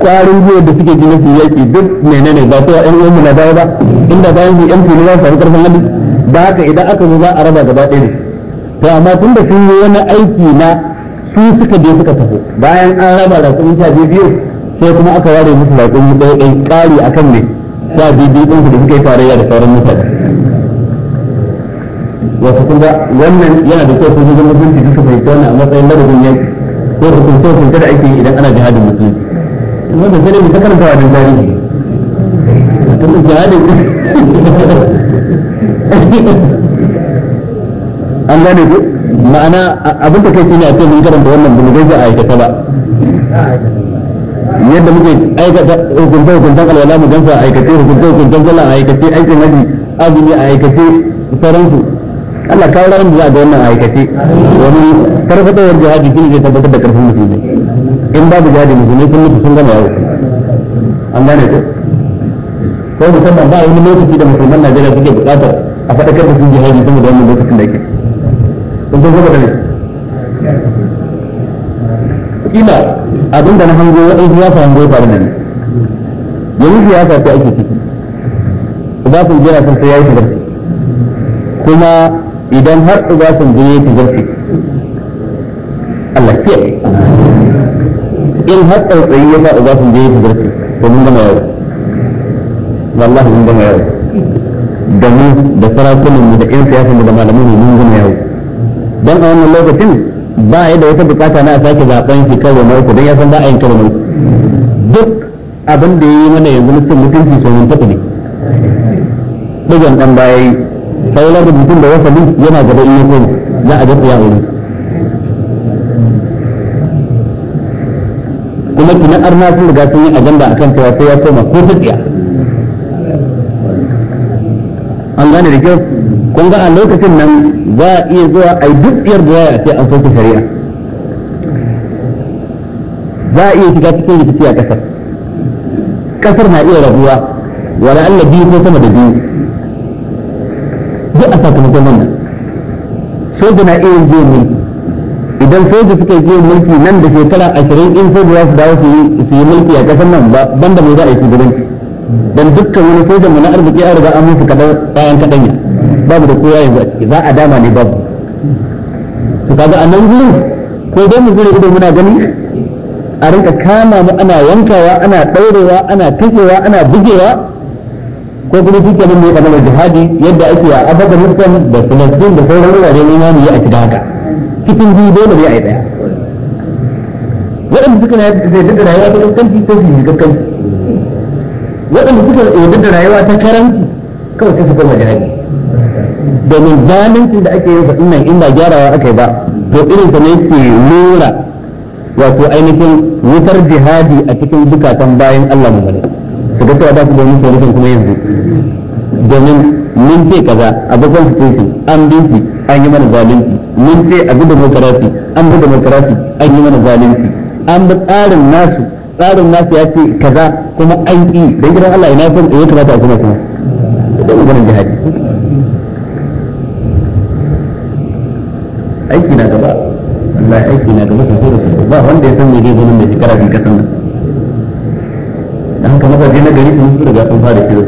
kwarin jiya da suke gina su yaki duk menene ba ko ƴan uwan mu na dawo ba inda bayan su yan fili za su samu karfin hali ba haka idan aka zo za a raba gaba ɗaya ne to amma tun da sun yi wani aiki na su suka je suka tafi bayan an raba da kuma sha biyu sai kuma aka ware musu da kuma ɗaya ɗaya ƙari akan ne sa bibi ɗin da suka yi tarayya da sauran mutane wasu kun ga wannan yana da kyau zama binti su fahimci tona a matsayin ladabin yaki ko hukunce hukunce da ake yi idan ana jihadin musulunci wanda sai dai ta karanta wa dan tarihi tun jihadin an gane ku ma'ana abin da kai ne a ce mun karanta wannan bin gaza a aikata ba yadda muke aikata hukunta hukuntan alwala mu gansa a aikace hukunta hukuntan sallah a aikace aikin haji azumi a aikace sauransu Allah kawo ranar da za a ga wannan a aikace domin karfatawar jihadi shi ne tabbatar da karfin musulmi in babu jihadi musulmi sun mutu sun gama yawo an gane ko ko musamman ba wani lokaci da musulman Najeriya suke buƙatar a faɗakar da su jihadi saboda wannan lokacin da yake kun san saboda ne kila abin da na hango waɗansu ya fa hango ba da ni yanzu ya fa ta ake ciki ba su jira sun sai ya yi tagarci kuma idan har uba sun jira ya tagarci Allah ke in har tsautsayi ya sa uba sun jira ya tagarci to mun gama yau wallahi mun gama yau da mu da sarakunan mu da 'yan siyasa mu da malamai mu mun gama yau dan a wannan lokacin ba ya da wata bukata na a sake zaben shi karo na uku don ya san ba a yin karo na uku duk abin da ya yi mana yanzu mutum mutunci sauran tafi ne ɗigan ɗan baya yi da mutum da wasalin yana gaba in ya koma za a ya wuri kuma kina arna sun riga sun yi ajanda a kan cewa sai ya koma ko tafiya an gane da kyau kun ga a lokacin nan za a iya zuwa a yi duk biyar da waya sai an soke shari'a za a iya shiga cikin rikici a ƙasar ƙasar na iya rabuwa wani Allah biyu ko sama da biyu duk a sakamakon wannan soja na iya zuwa mulki idan soja suka yi mulki nan da shekara ashirin in soja za su dawo su yi mulki a ƙasar nan ba banda mai za a yi shugabanci dan dukkan wani soja mu na arziki an riga an musu kadan bayan ya babu da kowa yanzu a ciki za a dama ne babu to kaga a nan gurin ko don mu zure ido muna gani a rinka kama mu ana wankawa ana ɗaurewa ana kashewa ana bugewa ko kuma duk da mai kamar jihadi yadda ake a afganistan da filistin da sauran wuraren imani ya a cikin haka cikin biyu dole ne a yi ɗaya waɗanda suka yarda da rayuwa ta kankanci ta yi kankanci waɗanda suka yarda da rayuwa ta karanci kawai ta su koma jihadi domin zalincin da ake yin fa nan in ba gyarawa aka yi ba to irin ta ne ke lura wato ainihin wutar jihadi a cikin bukatan bayan Allah mu bane su ga cewa ba su domin solution kuma yanzu domin mun ce kaza a su constitution an binci an yi mana zalunci mun ce a bi demokarasi an bi demokarasi an yi mana zalunci an bi tsarin nasu tsarin nasu ya ce kaza kuma an yi da gidan Allah ina son eh, ya kamata a kuma kuma da ubanin jihadi aiki na gaba Allah aiki na gaba sosai da sosai ba wanda ya san me zai zama mai da shekara kasan nan dan haka mazaje na gari sun su riga sun fara kiro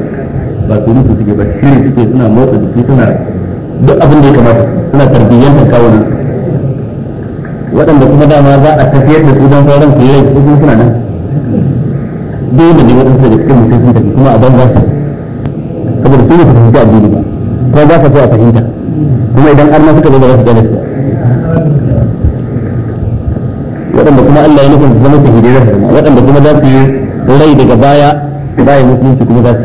ba su mutu suke ba shiri suke suna motsa jiki suna duk abin da ya kamata suna tarbiyyantar kawunan waɗanda kuma dama za a tafiyar da su don sauran su yi su kuma suna nan da ne waɗansu daga cikin mutum sun tafi kuma a ban za su saboda su ne su fahimci addini ba ko ba sa zo a fahimta kuma idan an ma suka zo ba za su gane su waɗanda kuma Allah ya nufin su zama shahidai na harma waɗanda kuma za su yi rai daga baya bayan musulunci kuma za su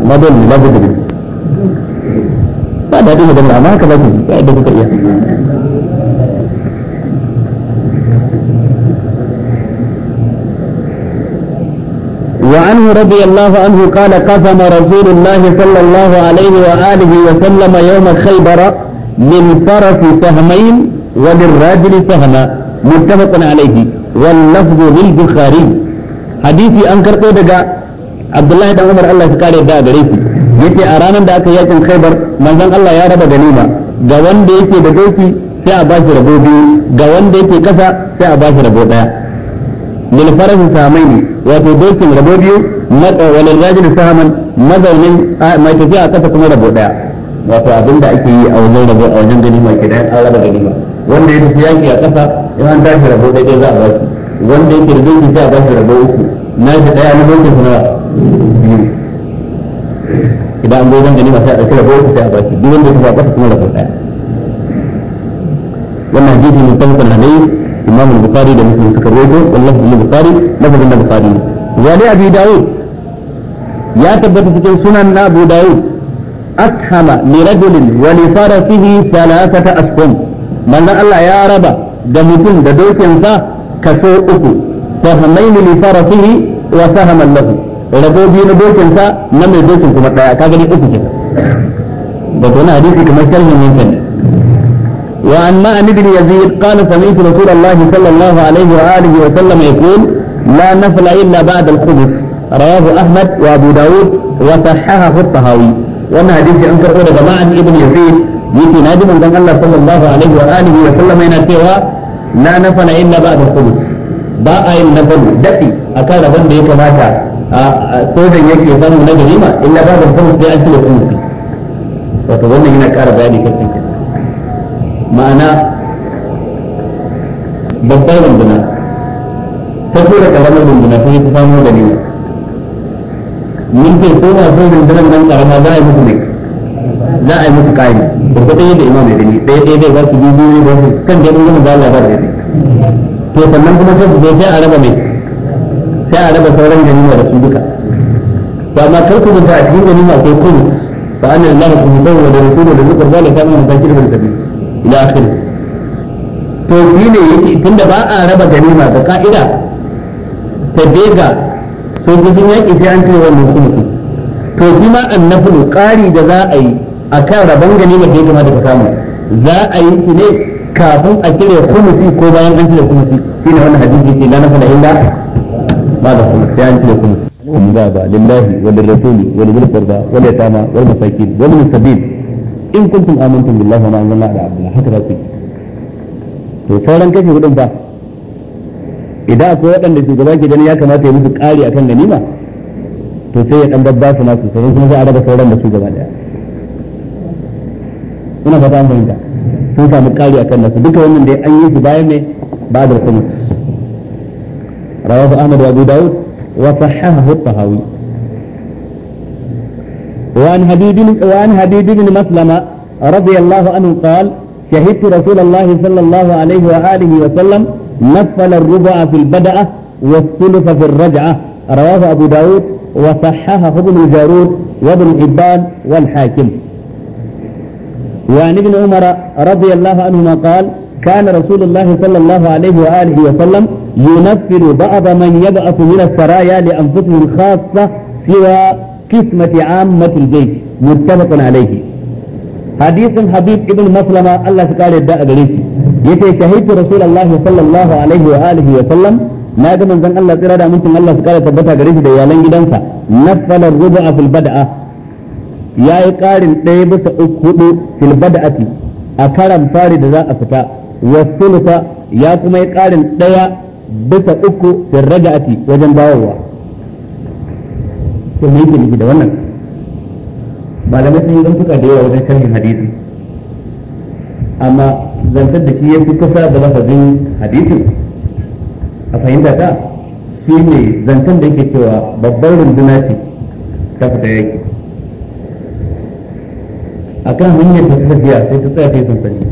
amma dole ne babu da gaske ba daɗi mu dama amma haka ba ku ba yadda kuka iya وعنه رضي الله عنه قال قسم رسول الله صلى الله عليه وآله وسلم يوم خيبر للفرس سهمين وللراجل سهما متفق عليه واللفظ للبخاري حديثي أنكر قودك عبد الله بن عمر الله سكاري دا غريسي yace a ranar da aka yakin khaibar manzon Allah ya raba ganima ga wanda yake da doki sai a bashi rabo biyu ga wanda yake kasa sai a bashi rabo daya lil farasi samaini wato dokin rabo biyu mata walil rajul sahaman mazaunin mai tafiya kasa kuma rabo daya wato abin da ake yi a wajen rabo a wajen gani mai kidan an raba gani ba wanda yake tafi yaki a ƙasa in an tashi rabo ke za a baki wanda ya da shi sai a baki rabo uku na shi ɗaya na bankin su na biyu idan an gojen gani ta a ɗauki rabo uku sai a baki duk wanda ya tafi a ƙasa kuma rabo ɗaya wannan hadisi ne kan sallah ne imam al-bukhari da muslim suka rawaito wallahi al-bukhari lafazin al-bukhari wa abi daud ya tabbata cikin sunan na abu daud أكحم لرجل ولفرسه ثلاثة أسهم من الله يا رب دمتن دوك ينسى كسو أكو فهمين لفرسه وفهم له ربو بين دوك ينسى نم دوك ينسى مطايا كذلك أكو كذا بطونا حديث كما شرح وعن معن بن يزيد قال سمعت رسول الله صلى الله عليه وآله وسلم يقول لا نفل إلا بعد الخبث رواه أحمد وأبو داود وصححه الطهاوي wannan hadisi an karɓo daga ma'an ibn yazid yake naji manzon Allah sallallahu alaihi wa alihi wa sallama yana cewa la nafala illa ba'da khulud ba a yin nafalu dafi akan rabon da ya kamata a sojan yake samu na garima illa ba'da khulud sai an cire khulud wato wannan yana ƙara bayani kan cikin ma'ana babbar runduna ta tura karamar runduna sai ta samu ganima mun ce ko ma sun rundunar nan karama za a yi musu ne za a yi musu kari da kuɗi yadda imam ya gani ɗaya ɗaya ɗaya ba su biyu biyu ba su kan dai ɗin ba Allah ba da ne to sannan kuma sai su zo sai a raba ne sai a raba sauran ganima da su duka to ma kar ku manta a cikin ganima akwai kuma fa anna Allah ku mutawa da rasulu da zikr zalika min zakir bil sabil ila akhirih to shi ne yake tunda ba a raba ganima da ka'ida ta dega sojojin yaƙi sai an wannan sulusi to shi ma annafulu ƙari da za a yi a kan rabon gani da ya da ka samu za a yi su ne kafin a kire sulusi ko bayan an cire sulusi shi ne wannan hadisi ce na nafula inda ba da kuma sai an cire sulusi بابا لله وللرسول ولذي القربى واليتامى والمساكين in السبيل إن كنتم آمنتم بالله وما أنزلنا على عبدنا هكذا to sauran kashe hudun ba idan akwai waɗanda shugaba ke gani ya kamata ya musu ƙari akan ganima to sai ya dan babba su nasu sai kuma za a raba sauran da su gaba daya ina fata an fahimta sun samu ƙari akan nasu duka wannan da an yi su bayan ne ba da kuma rawahu Ahmad wa Abu Dawud wa sahahahu Tahawi وعن حبيب وعن حبيب بن مسلمة رضي الله عنه قال شهدت رسول الله صلى wa عليه وآله وسلم نفل الربع في البدعة والثلث في الرجعة رواه أبو داود وصححه ابن الجارود وابن حبان والحاكم وعن ابن عمر رضي الله عنهما قال كان رسول الله صلى الله عليه وآله وسلم ينفل بعض من يبعث من السرايا لأنفسهم خاصة سوى قسمة عامة الجيش متفق عليه حديث حبيب ابن مسلمة الله تعالى يدعى بريسي yace shahidu rasulullahi sallallahu alaihi wa alihi wa sallam na ga manzon Allah tsira da mutum Allah su kara tabbata gare shi da iyalan gidansa nafala rubu'a fil bada'a yayi karin ɗaya bisa uku hudu fil bada'ati a karan fari da za a fita wasulusa ya kuma yi karin ɗaya bisa uku fil raja'ati wajen dawowa to me yake nufi da wannan ba da sun yi zantuka da yawa wajen sharhin hadisi amma zantar da shi ya fi kusa da lafazin hadisin a fahimta ta shi ne zantar da yake cewa babbar runduna ce ta fita yake a kan hanyar da ta tafiya sai ta tsaya ta yi sansani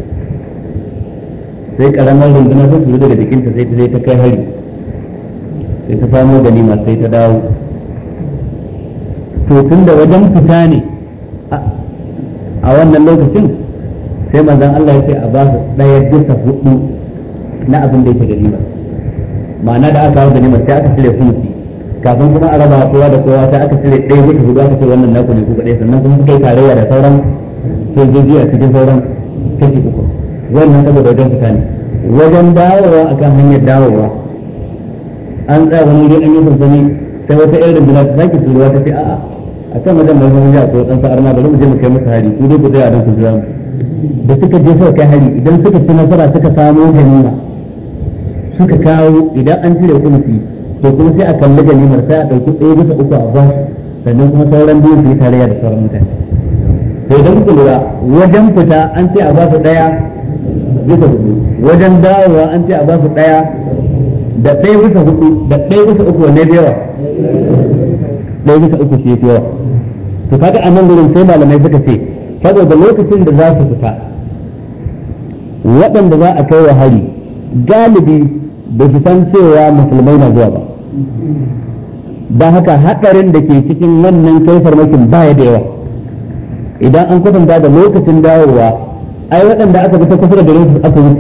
sai karamar runduna ta su daga jikinta sai ta zai ta kai hari sai ta gani masu sai ta dawo to tun da wajen fita ne a wannan lokacin sai manzon Allah ya ce a ba su daya bisa hudu na abin da yake ba ma'ana da aka kawo ganimar sai aka cire funsi kafin kuma a raba kowa da kowa sai aka cire ɗaya bisa hudu aka ce wannan naku ne ku kaɗai sannan kuma kai tarayya da sauran sojoji a cikin sauran kashi uku wannan saboda wajen fita ne wajen dawowa akan hanyar dawowa an tsaya wani wuri an yi sansani sai wata irin rundunar ta sake turuwa ta ce a'a a kan wajen mai zama ko ɗan sa'ar ma bari mu je mu kai musu hari ku dai ku tsaya don ku zama mu da suka je suka kai hari idan suka ci nasara suka samo ganima suka kawo idan an cire kunsi to kuma sai a kalli ganimar sai a ɗauki ɗaya bisa uku a ba sannan kuma sauran biyu su yi tarayya da sauran mutane to idan kuka lura wajen fita an ce a ba su ɗaya bisa hudu wajen dawowa an ce a ba su ɗaya da ɗaya bisa hudu da ɗaya bisa uku wanne da yawa ɗaya bisa uku shi yawa to kaga a nan gurin sai malamai suka ce saboda lokacin da za su fita waɗanda za a kai wa hari galibi ba su san cewa musulmai na zuwa ba ba haka haɗarin da ke cikin wannan kai farmakin baya da yawa idan an kwatanta da lokacin dawowa ai waɗanda aka fi kusa da garin su aka wuce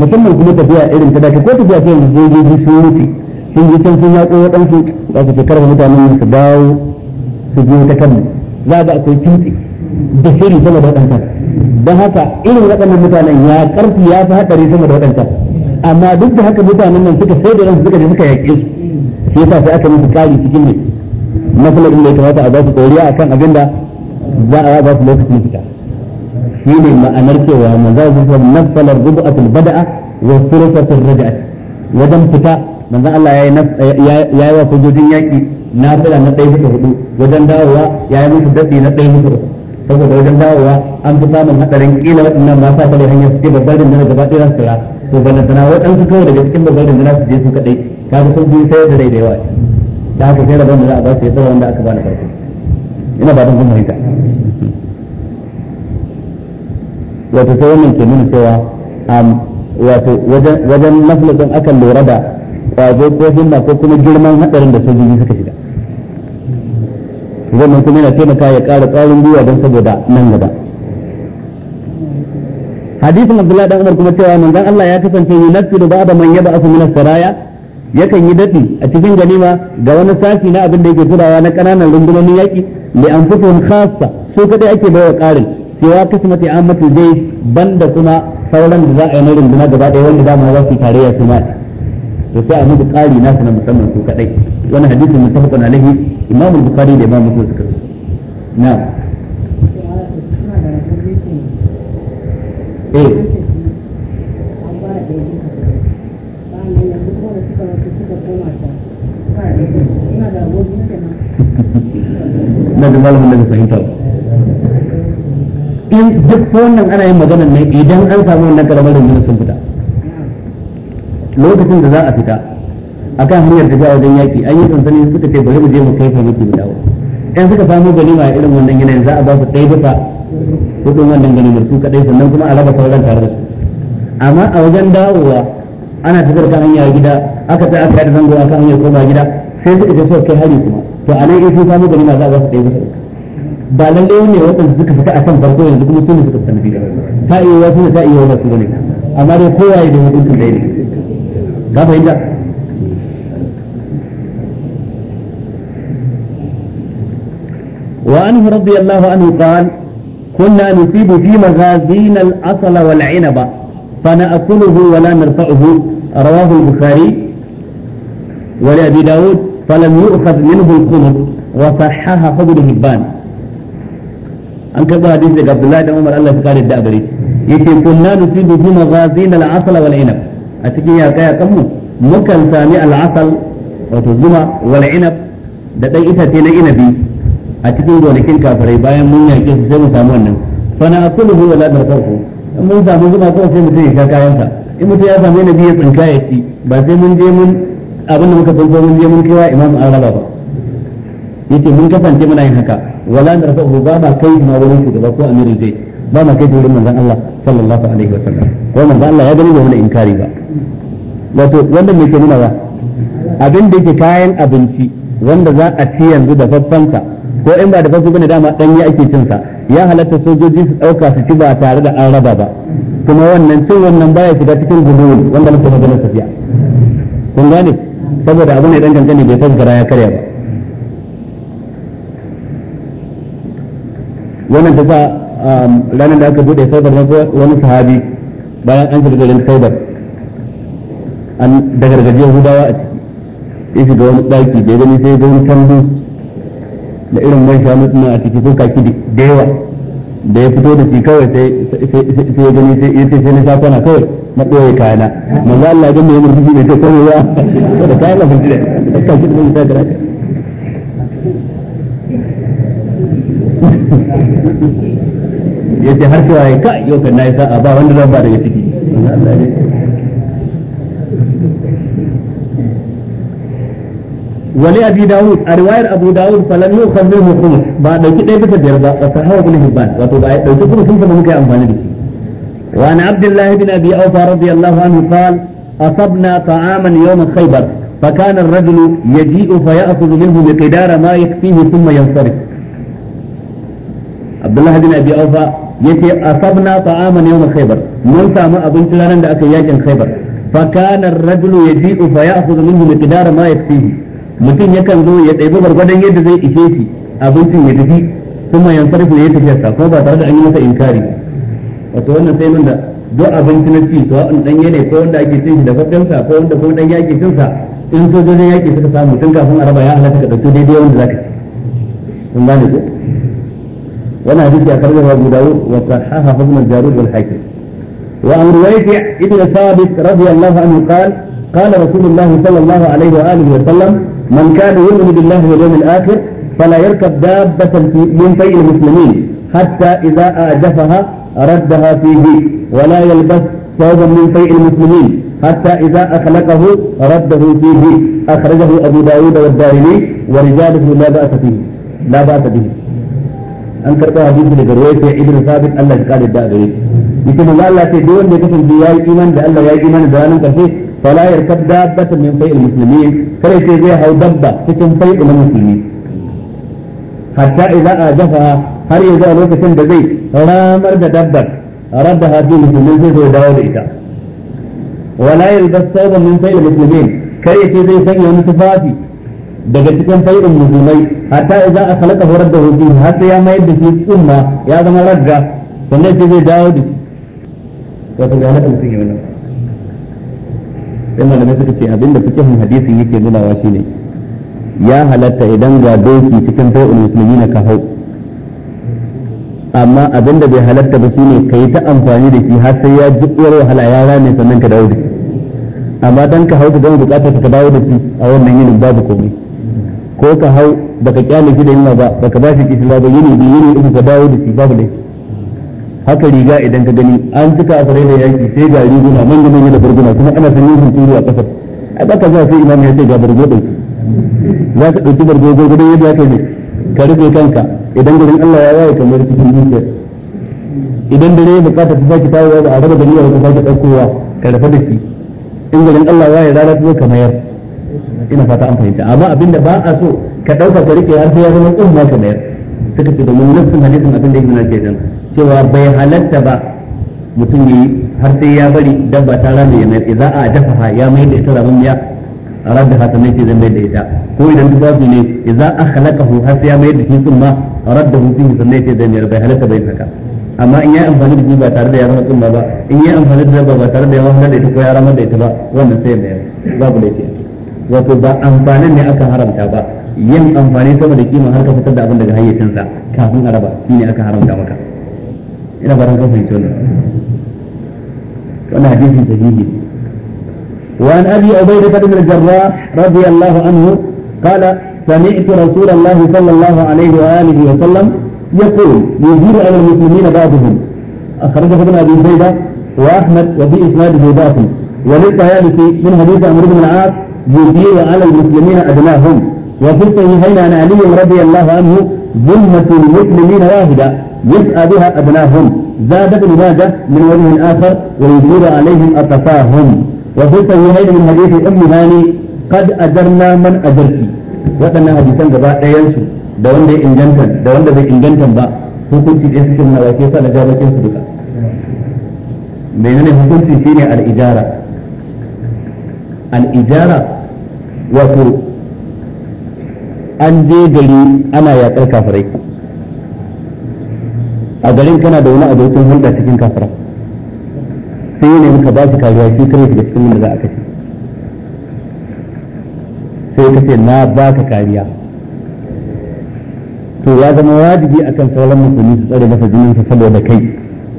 musamman kuma tafiya irin ta dace ko tafiya ta yanzu zojoji sun wuce sun yi can sun yaƙo waɗansu ba su shekarar mutanen su dawo su biyo ta kanmu za a ga akwai tutsi da shiri sama da waɗancan don haka irin waɗannan mutanen ya ƙarfi ya fi haɗari sama da waɗancan amma duk da haka mutanen nan suka sai da ransu suka je suka yaƙe su shi yasa sai aka musu kari cikin ne matsalar inda ya kamata a ba su tsoriya kan abin da za a ba su lokacin fita shi ne ma'anar cewa manzo Allah sallallahu nafalar rubu'atul bada'a wa suratul raj'at wajen fita manzo Allah ya yi wa sojojin na tsira na ɗaya suka hudu wajen dawowa yi musu dadi na ɗaya musu hudu saboda wajen dawowa an fi samun hadarin kila waɗannan ba sa tare hanyar su je babbar dindina gaba ɗaya su ra to na waɗansu kawai daga cikin babbar dindina su je su kaɗai kaga sun biyu sai da rai da yawa da haka sai rabon da za a ba su ya tsara wanda aka ba na farko ina ba don kun mahita wato sai wannan ke nuna cewa wato wajen maslakin akan lura da kwazo ko himma ko kuma girman hadarin da sojoji suka shiga zai mutum yana taimaka ya ƙara ƙwarin gwiwa don saboda nan gaba hadisin abdullahi dan umar kuma cewa manzon Allah ya kasance yunaffidu ba'da man asu min as-saraya yakan yi dadi a cikin ganima ga wani sashi na abin da yake turawa na kananan rundunonin yaki li anfusuhum khassa su kada ake bayar ƙarin cewa kasmati ammatu zai banda kuma sauran da za a yi na runduna gaba ɗaya wanda dama za su tarayya su ma to sai a mutu ƙari na sanar musamman su kadai wani hadisin mutafaqun alaihi imam al bukari da imam mutu suka na na da malamin da fahimta in duk wannan ana yin magana ne idan an samu wannan karamar rundunar sun fita lokacin da za a fita akan hanyar da za a wajen yaki an yi sansani suka ce bari mu je mu kai farmaki mu dawo in suka samu ganima a irin wannan yanayin za a ba su ɗaya bisa hudun wannan ganimar su kaɗai sannan kuma a raba sauran tare da su amma a wajen dawowa ana tafiyar kan hanya gida aka ta aka yada zango kan hanyar koma gida sai suka ce suka kai hari kuma to a nan in sun samu ganima za a ba su ɗaya bisa ba lallai ne waɗanda suka fita a kan farko yanzu kuma su ne suka fita na ta iya wasu ne ta iya wasu ne amma dai kowa ya da hukuncin ɗaya ne وعنه رضي الله عنه قال كنا نصيب في مغازين الأصل والعنب فنأكله ولا نرفعه رواه البخاري ولأبي داود فلم يؤخذ منه الخمر وصحها حبل هبان أن كبه حديث عبد الله بن عمر الله تعالى الدابري يقول كنا نصيب في مغازين الأصل والعنب a cikin yaƙa yaƙan mu mukan sami al'asal wato zuma wal inab da ɗan itace na inabi a cikin gonakin kafirai bayan mun yaƙe su sai mu samu wannan fa na akuluhu wala narfahu in mun samu zuma ko sai mutum ya ga kayansa in mutum ya samu inabi ya tsinka ya ci ba sai mun je mun abin da muka tsinko mun je mun kai wa imam an raba ba yace mun kasance muna yin haka wala narfahu ba ma kai ma wurin shugaba ko amirin zai ba ma kai wurin manzon Allah sallallahu alaihi wa sallam ko manzo Allah ya gani da wani inkari ba wato wanda me ke nuna ba abin da yake kayan abinci wanda za a ci yanzu da fafanka ko in ba da fafanka bane dama ya ake cin sa ya halatta sojoji su dauka su ci ba tare da an raba ba kuma wannan cin wannan baya shiga cikin gudun wanda muke magana tafiya kun gane saboda abu ne dan gangane bai fasgara ya karya ba wannan da sa Um, ranar da aka bude Khaibar wani sahabi bayan an shiga garin saibar an da gargaji Yahudawa a ciki ya shiga wani daki da ya gani sai ga wani tambu da irin mai shanu suna a ciki sun kaki da yawa da ya fito da shi kawai sai ya gani sai yace sai na sha kwana kawai na ɓoye kayana manzo Allah ga mai murfi ne ta kawai ba da kayan lafiya da kaki da mai sa ya ce har cewa ya ka yau kan nayi sa'a ba wanda zan ba daga ciki wali abi dawud a riwayar abu dawud falam yau kan hukum ba dauki ɗaya bisa biyar ba wasu hawa kuma hibban wato ba a dauki kuma sun samu muka amfani da shi وعن عبد الله بن ابي اوفى رضي الله عنه قال اصبنا طعاما يوم فكان الرجل يجيء فياخذ منه مقدار ما يكفيه ثم ينصرف عبد الله بن ابي اوفى yace asabna ta'aman yawm khaybar mun samu abinci ranar da aka yi yakin khaybar fa kana ar-rajulu yaji'u fa ya'khudhu minhu miqdara ma yakfihi mutum yakan zo ya ɗebi gwargwadon yadda zai ishe shi abincin ya tafi kuma yan sarfi ya tafi sa ko ba tare da an yi masa inkari wato wannan sai da duk abinci na ci to an dan ne ko wanda ake cin shi da fadansa ko wanda kuma dan yake cin sa in sojojin yaki suka samu tun kafin araba ya halatta ka dauki daidai wanda zaka ci kun gane ko وانا حديث اخرجه ابو داود وصححه ابن الجارود والحاكم وعن رويفع ابن ثابت رضي الله عنه قال قال رسول الله صلى الله عليه واله وسلم من كان يؤمن بالله واليوم الاخر فلا يركب دابة من فيء المسلمين حتى اذا اعجفها ردها فيه ولا يلبس ثوبا من فيء المسلمين حتى إذا أخلقه رده فيه أخرجه أبو داود والدارمي ورجاله لا بأس فيه لا بأس به an karɓa hadisi daga ruwaifiya ibn sabit Allah ya kare da gare shi yake manzo Allah ce duk wanda ya kasance ya yi iman da Allah ya yi iman da ranar karshe fala yarkab dabbata min fa'il muslimin kare sai zai hau dabba cikin fa'il muslimin hatta idza ajafa har yanzu a lokacin da zai ramar da dabbar rabbaha bi muslimin zai zo dawo da ita wala yalbas thawban min fa'il muslimin kare sai zai sanya wani tufafi daga cikin fa'idun musulmai hatta idan a khalaqa horar da hobi har sai ya mayar da shi tsumma ya zama ragga sannan sai zai dawo da wato ga halakan sun yi wannan sai malamai suka ce abinda fikihun hadisin yake nunawa shine ya halatta idan ga doki cikin fa'idun musulmi na ka hau amma abinda bai halatta ba shine kai ta amfani da shi har sai ya jiɓuwar wahala ya rame sannan ka dawo da shi amma dan ka hau ka gama bukatar ka dawo da shi a wannan yinin babu komai ko ka hau baka kyale shi da yunwa ba baka ba shi kishila ba yini biyu yini uku ka dawo da shi babu dai haka riga idan ka gani an cika a sarai da yaki sai ga riguna manya manya da barguna kuma ana sanyin hunturu a kasar a ƙasa za sai imam ya ce ga bargo ɗauki za ka ɗauki bargo gwargwado yadda ka ne ka rufe kanka idan garin Allah ya waye kamar cikin dukiyar idan dare ya bukata ta sake tawowa da a raba da niyyar ta sake ɗaukowa ka rafa da shi in garin Allah ya waye rana ta zo ka mayar ina fata an fahimta amma abinda ba a so ka dauka ka rike har sai ya zama umma ka bayar suka ce domin nufin hadisin abin da yake nan dan cewa bai halatta ba mutum yi har sai ya bari dabba ta rana ya mai idza a ha ya mai da ita rabin miya rabda ha ta mai ce zan mai da ita ko idan tufafi ne idza a halakahu har sai ya mai da shi tsumma raddahu fihi sannan ce zan bai halatta bai saka amma in ya amfani da shi ba tare da ya zama tsumma ba in ya amfani da ba tare da ya wahalar da ita ko ya ramar da ita ba wannan sai mai babu laifi wato ba amfanin ne aka haramta ba yin amfani sama da kima har ka fitar da abin daga hayyacinsa kafin a raba shine aka haramta maka ina ba ka fahimci wannan wannan hadisi sahihi وعن ابي عبيده بن الجراح رضي الله عنه قال سمعت رسول الله صلى الله عليه واله وسلم يقول يزيد على المسلمين بعضهم اخرجه ابن ابي عبيده واحمد وفي اسناده باطل وللطيالسي من حديث عمرو بن العاص يدير على المسلمين أدناهم وفي الصحيحين عن علي رضي الله عنه ذمة المسلمين واحدة يسعى بها أدناهم زاد ابن ماجه من وجه آخر ويدير عليهم أتفاهم وفي الصحيحين من حديث ابن هاني قد أجرنا من أجرت وأنا حديثا gaba ɗayansu da wanda ya inganta da wanda bai inganta ba hukunci ɗaya suke nuna wa ke sa na jabakin su duka menene hukunci shine al-ijara al-ijara wato an je gari ana yaƙar kafirai a garin kana da wani abokin hulɗa cikin kafira sai ne muka ba shi kariya shi kare shi da cikin wanda za a kashe sai ka ce na ba ka kariya to ya zama wajibi akan sauran musulmi su tsare masa jinin sa saboda kai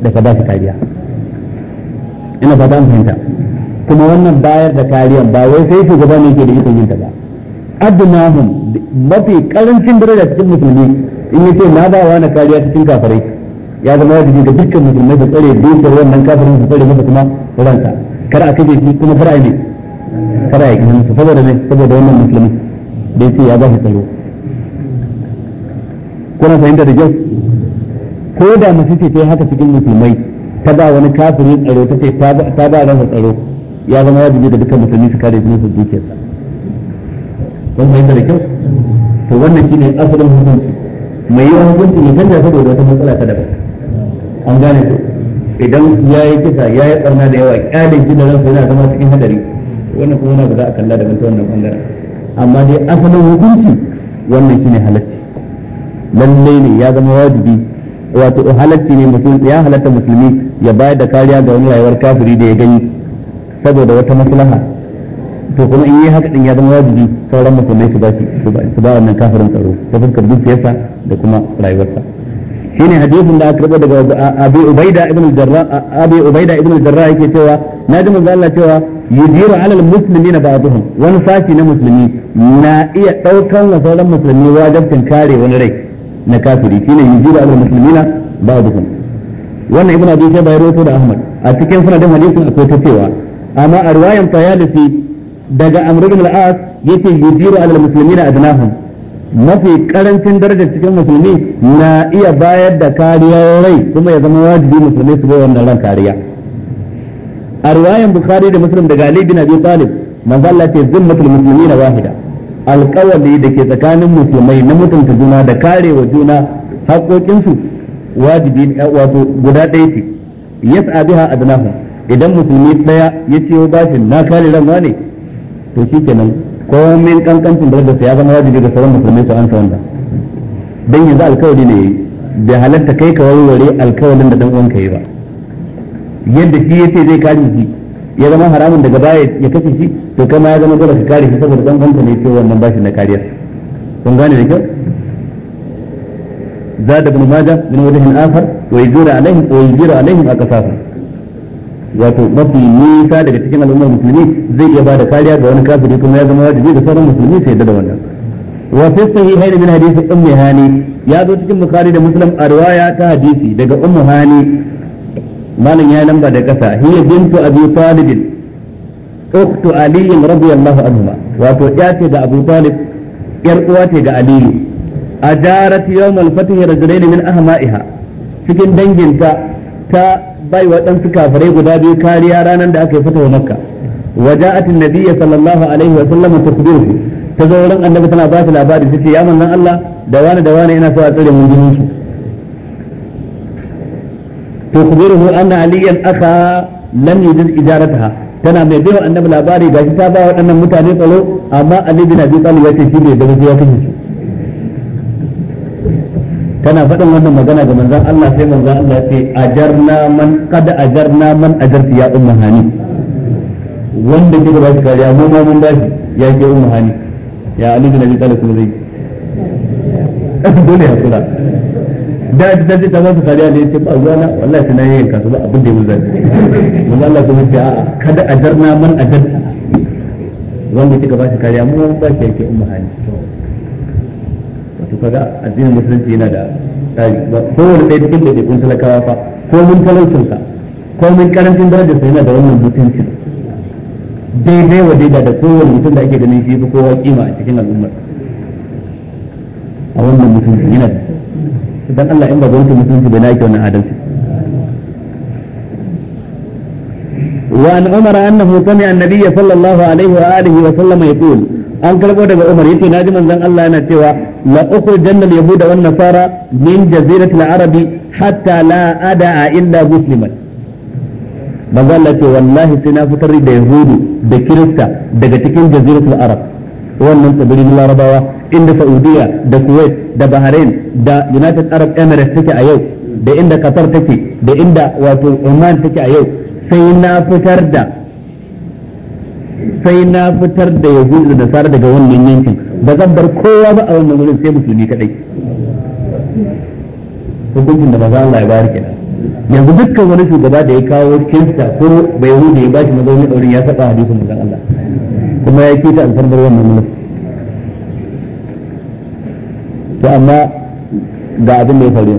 da ka ba shi kariya ina fata an fahimta kuma wannan bayar da kariyar ba wai sai gaba ne ke da ikon yin ta ba adnahum mafi karancin daraja cikin musulmi in yace na ba wa na kariya cikin kafirai ya zama wajibi ga dukkan musulmai da tsare dukkan wannan kafirin su tsare masa kuma ransa kar a kaje shi kuma fara ne. yi kar a yi su saboda ne saboda wannan musulmi da yace ya ba shi tsaro kuna fahimta da kyau ko da mace ce ta yi haka cikin musulmai ta ba wani kafirin tsaro ta ce ta ba ransa tsaro ya zama wajibi da dukkan musulmi su kare jinin su dukiyar kun fahimta da kyau to wannan shine asalin hukunci mai yawan hukunci ne canja saboda wata matsala ta daban an gane ku idan ya yi kisa ya yi tsarna da yawa kyalin shi da ransa yana zama cikin hadari wannan kuma wani ba za a kalla daban ta wannan bangaren amma dai asalin hukunci wannan shine halacci lallai ne ya zama wajibi wato halacci ne mutum ya halatta musulmi ya bayar da kariya ga wani rayuwar kafiri da ya gani saboda wata maslaha to kuma in yi haka din ya zama wajibi sauran musulmai su ba shi su ba wannan kafirin tsaro ta fuskar dukiyarsa da kuma rayuwarsa shine hadisin da aka rubuta daga Abi Ubaida ibn al-Jarrah Abi Ubaida ibn al-Jarrah yake cewa naji manzo Allah cewa yudiru ala al-muslimin ba'dhum wani sashi na musulmi na iya daukan wa sauran musulmi wajibcin kare wani rai na kafiri shine yudiru ala al-muslimin ba'dhum wannan ibn Abi Shayba ya rawaito da Ahmad a cikin sanadin hadisin akwai ta cewa amma a ya tayalisi daga amr ibn al-as yace yudiru musulmi na adnahum mafi karancin darajar cikin musulmi na iya bayar da kariyar rai kuma ya zama wajibi musulmi su bai wannan ran kariya a riwayan bukhari da muslim daga ali bin abi talib manzo Allah ce zimmatul muslimina wahida alƙawari da ke tsakanin musulmai na mutunta juna da karewa juna haƙoƙinsu wajibi eh, wato guda ɗaya ce yas'a biha adnahum idan musulmi daya ya ciyo bashin na kare ranwa ne to shi nan komin kankancin da ya zama wajibi ga sauran musulmai su ansa wanda dan yanzu alkawari ne da halatta kai ka warware alkawarin da dan uwanka yi ba yadda shi yace zai kare shi ya zama haramun daga baya ya kace shi to kai ma ya zama dole ka kare shi saboda dan uwanka ne ce wannan bashin na kariya. kun gane da kyau زاد ابن ماجه من وجه اخر ويجور عليهم ويجير عليهم اكثافهم wato mafi nisa daga cikin al'ummar musulmi zai iya bada kariya ga wani kafiri kuma ya zama wajibi ga sauran musulmi sai yadda da wannan wa fi sahihaini min hadisi ummi hani ya zo cikin bukhari da muslim a riwaya ta hadisi daga ummu hani malam ya lamba da kasa hiya bintu abi talib ukhtu ali radiyallahu anhu wato ya ce ga abu talib yar uwa ce ga aliyu ajarat yawm al-fath rajulain min ahma'iha cikin danginta ta bai waɗansu kafirai guda biyu kariya ranar da aka yi fatawa makka وجاءت النبي صلى الله عليه وسلم تخبره تزورن النبي tana ba ta labari tace ya manzon Allah da wani da wani ina so a tsare mun jinin su تخبره أن عليا أخا da يجد إجارتها tana mai baiwa annabi labari gashi ta ba waɗannan mutane tsaro amma Ali bin Abi Talib ya ce shi bai da ya kashe su tana faɗin wannan magana ga manzan Allah sai manzan Allah ya ce ajarna man qad ajarna man ajarti ya umma hani wanda kika da shi kariya mu ma mun ba ya ke umma hani ya ali bin abi talib kuma zai dole ya kula da da zai ta ba su kariya ne ce ba zuwa na wallahi sai na yi yanka su ba abin da ya muzari manzan Allah kuma ce a'a kada ajarna man ajarti wanda kika da shi kariya mu ma mun ba ya ke umma hani to kaga addinin musulunci yana da tsari kowane ɗaya cikin da ɗaiɗaikun talakawa fa ko mun ka ko mun karancin sai yana da wannan mutuncin daidai wa daidai da kowane mutum da ake ganin shi fi kowa kima a cikin al'ummar a wannan mutuncin yana da idan Allah in ba gwamnati mutunci bai nake wannan adalci وعن عمر أنه سمع النبي صلى الله عليه وآله وسلم يقول an karbo daga Umar yace ji manzon Allah yana cewa la ukhrijanna al-yahuda wan nasara min jazirati al-arabi hatta la adaa illa musliman manzo Allah ce wallahi sai na fitar da yahudu da kirista daga cikin jaziratul arab wannan tsibirin larabawa inda saudiya da kuwait da bahrain da united arab emirates take a yau da inda qatar take da inda wato oman take a yau sai na fitar da sai na fitar da ya yahudu da nasara daga wannan yankin ba zan bar kowa ba a wannan wurin sai musulmi kadai hukuncin da ba za Allah ya bayar kenan yanzu dukkan wani shugaba da ya kawo kinsa ko bai yahudu ya bashi mazauni wurin ya saba hadisin manzon Allah kuma ya kita an karbar wannan mulki to amma ga abin da ya faru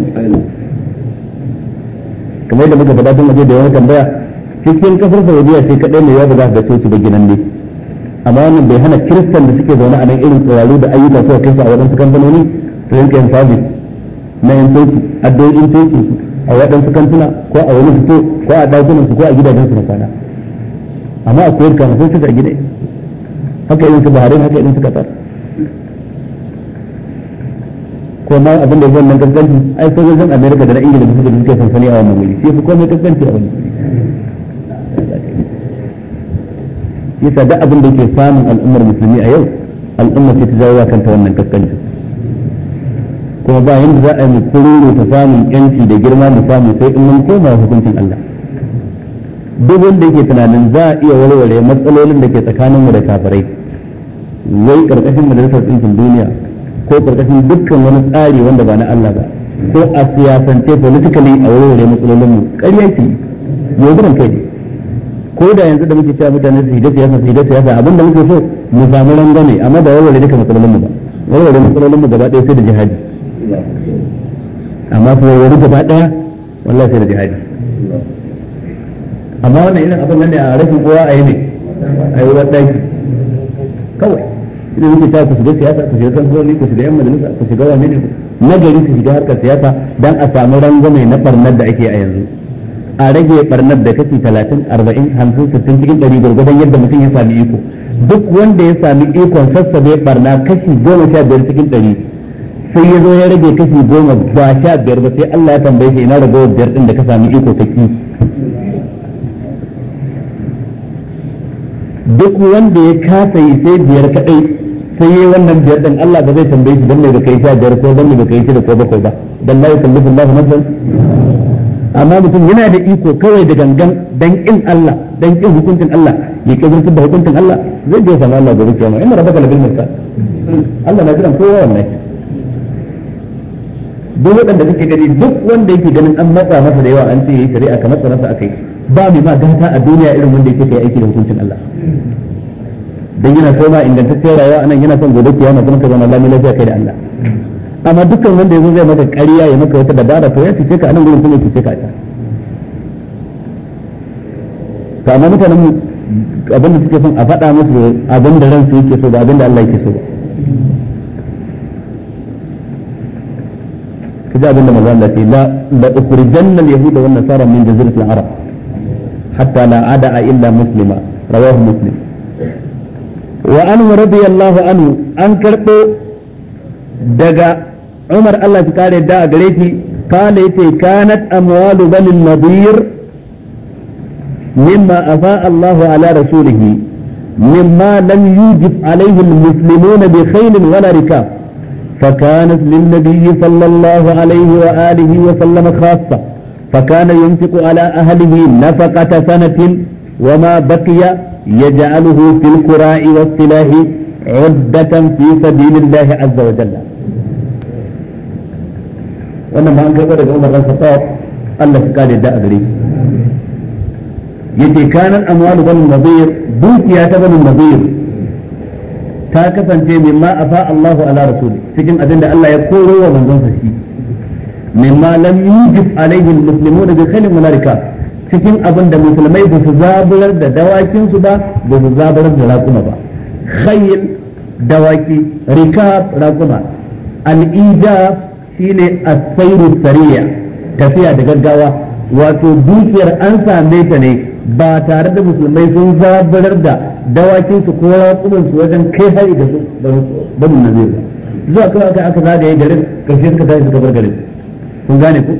kamar da muka faɗa tun waje da yawan tambaya cikin kafar saudiya sai kaɗai mai yawa za da coci ba ginan ne amma wannan bai hana kiristan da suke zaune a nan irin tsiraru da ayyuka suka kai su a waɗansu kamfanoni su rinka yin sabis na yan coci addoin a waɗansu kantuna ko a wani fito ko a ɗakunan su ko a gidajen su na kwana amma a koyar kama sai a gida haka irin su baharin haka irin su katar ko ma abin da zan nan kaskanci ai sojojin amerika da na ingila da suke da suke sansani a wannan wuri sai fi komai kaskanci a wani wuri yasa da abin da yake samun al'ummar musulmi a yau al'ummar ce ta jawo kanta wannan kaskanci kuma ba yanda za a yi kururu ta samun yanci da girma mu samu sai in mun koma hukuncin Allah duk wanda yake tunanin za a iya warware matsalolin da ke tsakanin mu da kafirai wai karkashin majalisar ɗinkin duniya ko karkashin dukkan wani tsari wanda ba na Allah ba ko a siyasance politically a warware matsalolin mu ƙarya ce kai ne ko da yanzu da muke cewa mutane su shiga siyasa su shiga siyasa abin da muke so mu samu rangwame amma ba warware duka matsalolinmu ba warware matsalolin mu gaba ɗaya sai da jihadi amma kuma warware gaba ɗaya wallahi sai da jihadi amma wannan irin abin nan ne a rashin kowa a yi ne a yi wani ɗaki kawai ina muke cewa ku shiga siyasa ku shiga kanzoni ku shiga yan majalisa ku shiga wa ne na gari su shiga harkar siyasa don a samu rangwame na ɓarnar da ake a yanzu a rage barnar da kashi 30 40 50 60 cikin 100 gurgurdan yadda mutum ya sami iko duk wanda ya sami ikon bai barna kashi goma sha biyar cikin ɗari, sai ya zo ya rage kashi goma, ba biyar ba sai Allah ya tambaye shi ina ragowar biyar din da ka sami iko ki duk wanda ya kasa yi sai biyar kadai sai yi wannan biyar din Allah ba zai tambaye shi dan mai baka yi sha biyar ko dan mai baka yi shi da ko bakwai ba dan la yusallifu Allahu nafsan amma mutum yana da iko kawai da gangan dan in Allah dan in hukuncin Allah ya kazantar da hukuncin Allah zai je samu Allah gobe kiyama inna rabbaka labil mirsad Allah na jiran kowa wannan duk wanda kake gani duk wanda yake ganin an matsa masa da yawa an ce yayi shari'a ka matsa masa akai ba mai ma gata a duniya irin wanda yake kai aiki da hukuncin Allah dan yana so ma ingantacciyar rayuwa anan yana son gobe kiyama kuma ka zama lamin lafiya kai da Allah amma dukkan wanda yazo zai maka ƙarya ya maka wata dabara to ya fice ka anan gurin kuma ya fice ka to amma mutanen mu abin da suke son a faɗa musu abin da ransu yake so ba abinda Allah yake so ba kaji abin da manzo Allah ce la la ukhrijanna al-yahuda wan nasara min jaziratil arab hatta la ada'a illa muslima rawahu muslim wa anhu radiyallahu anhu an karbo daga Umar Allah shi kare da a gare shi kana yace kanat amwalu bani nadir mimma afa Allahu ala rasulihi mimma lam yujib alaihi almuslimuna bi khayl wala rikab فكانت للنبي صلى الله عليه وآله وسلم خاصة فكان ينفق على أهله نفقة سنة وما بقي يجعله في القراء والسلاح عدة في سبيل الله عز وجل wannan ba an karɓar daga Umar dan Khattab Allah ya kare da a gare shi yace kanan amwalu banu nadir dukiya ta banu nadir ta kasance mimma afa Allahu ala rasul cikin abinda Allah ya koro wa manzon sa shi mimma lam yujib alaihi almuslimuna bi khairin malarika cikin abinda musulmai ba su zaburar da dawakin su ba ba su zaburar da raƙuma ba khayl dawaki rikab raƙuma al-ijab shine asairu sariya tafiya da gaggawa wato dukiyar an same ta ne ba tare da musulmai sun zabarar da su ko su wajen kai hari da su mun nan zai zuwa kuma aka aka yayin garin ƙarshe suka tashi suka bar garin kun gane ku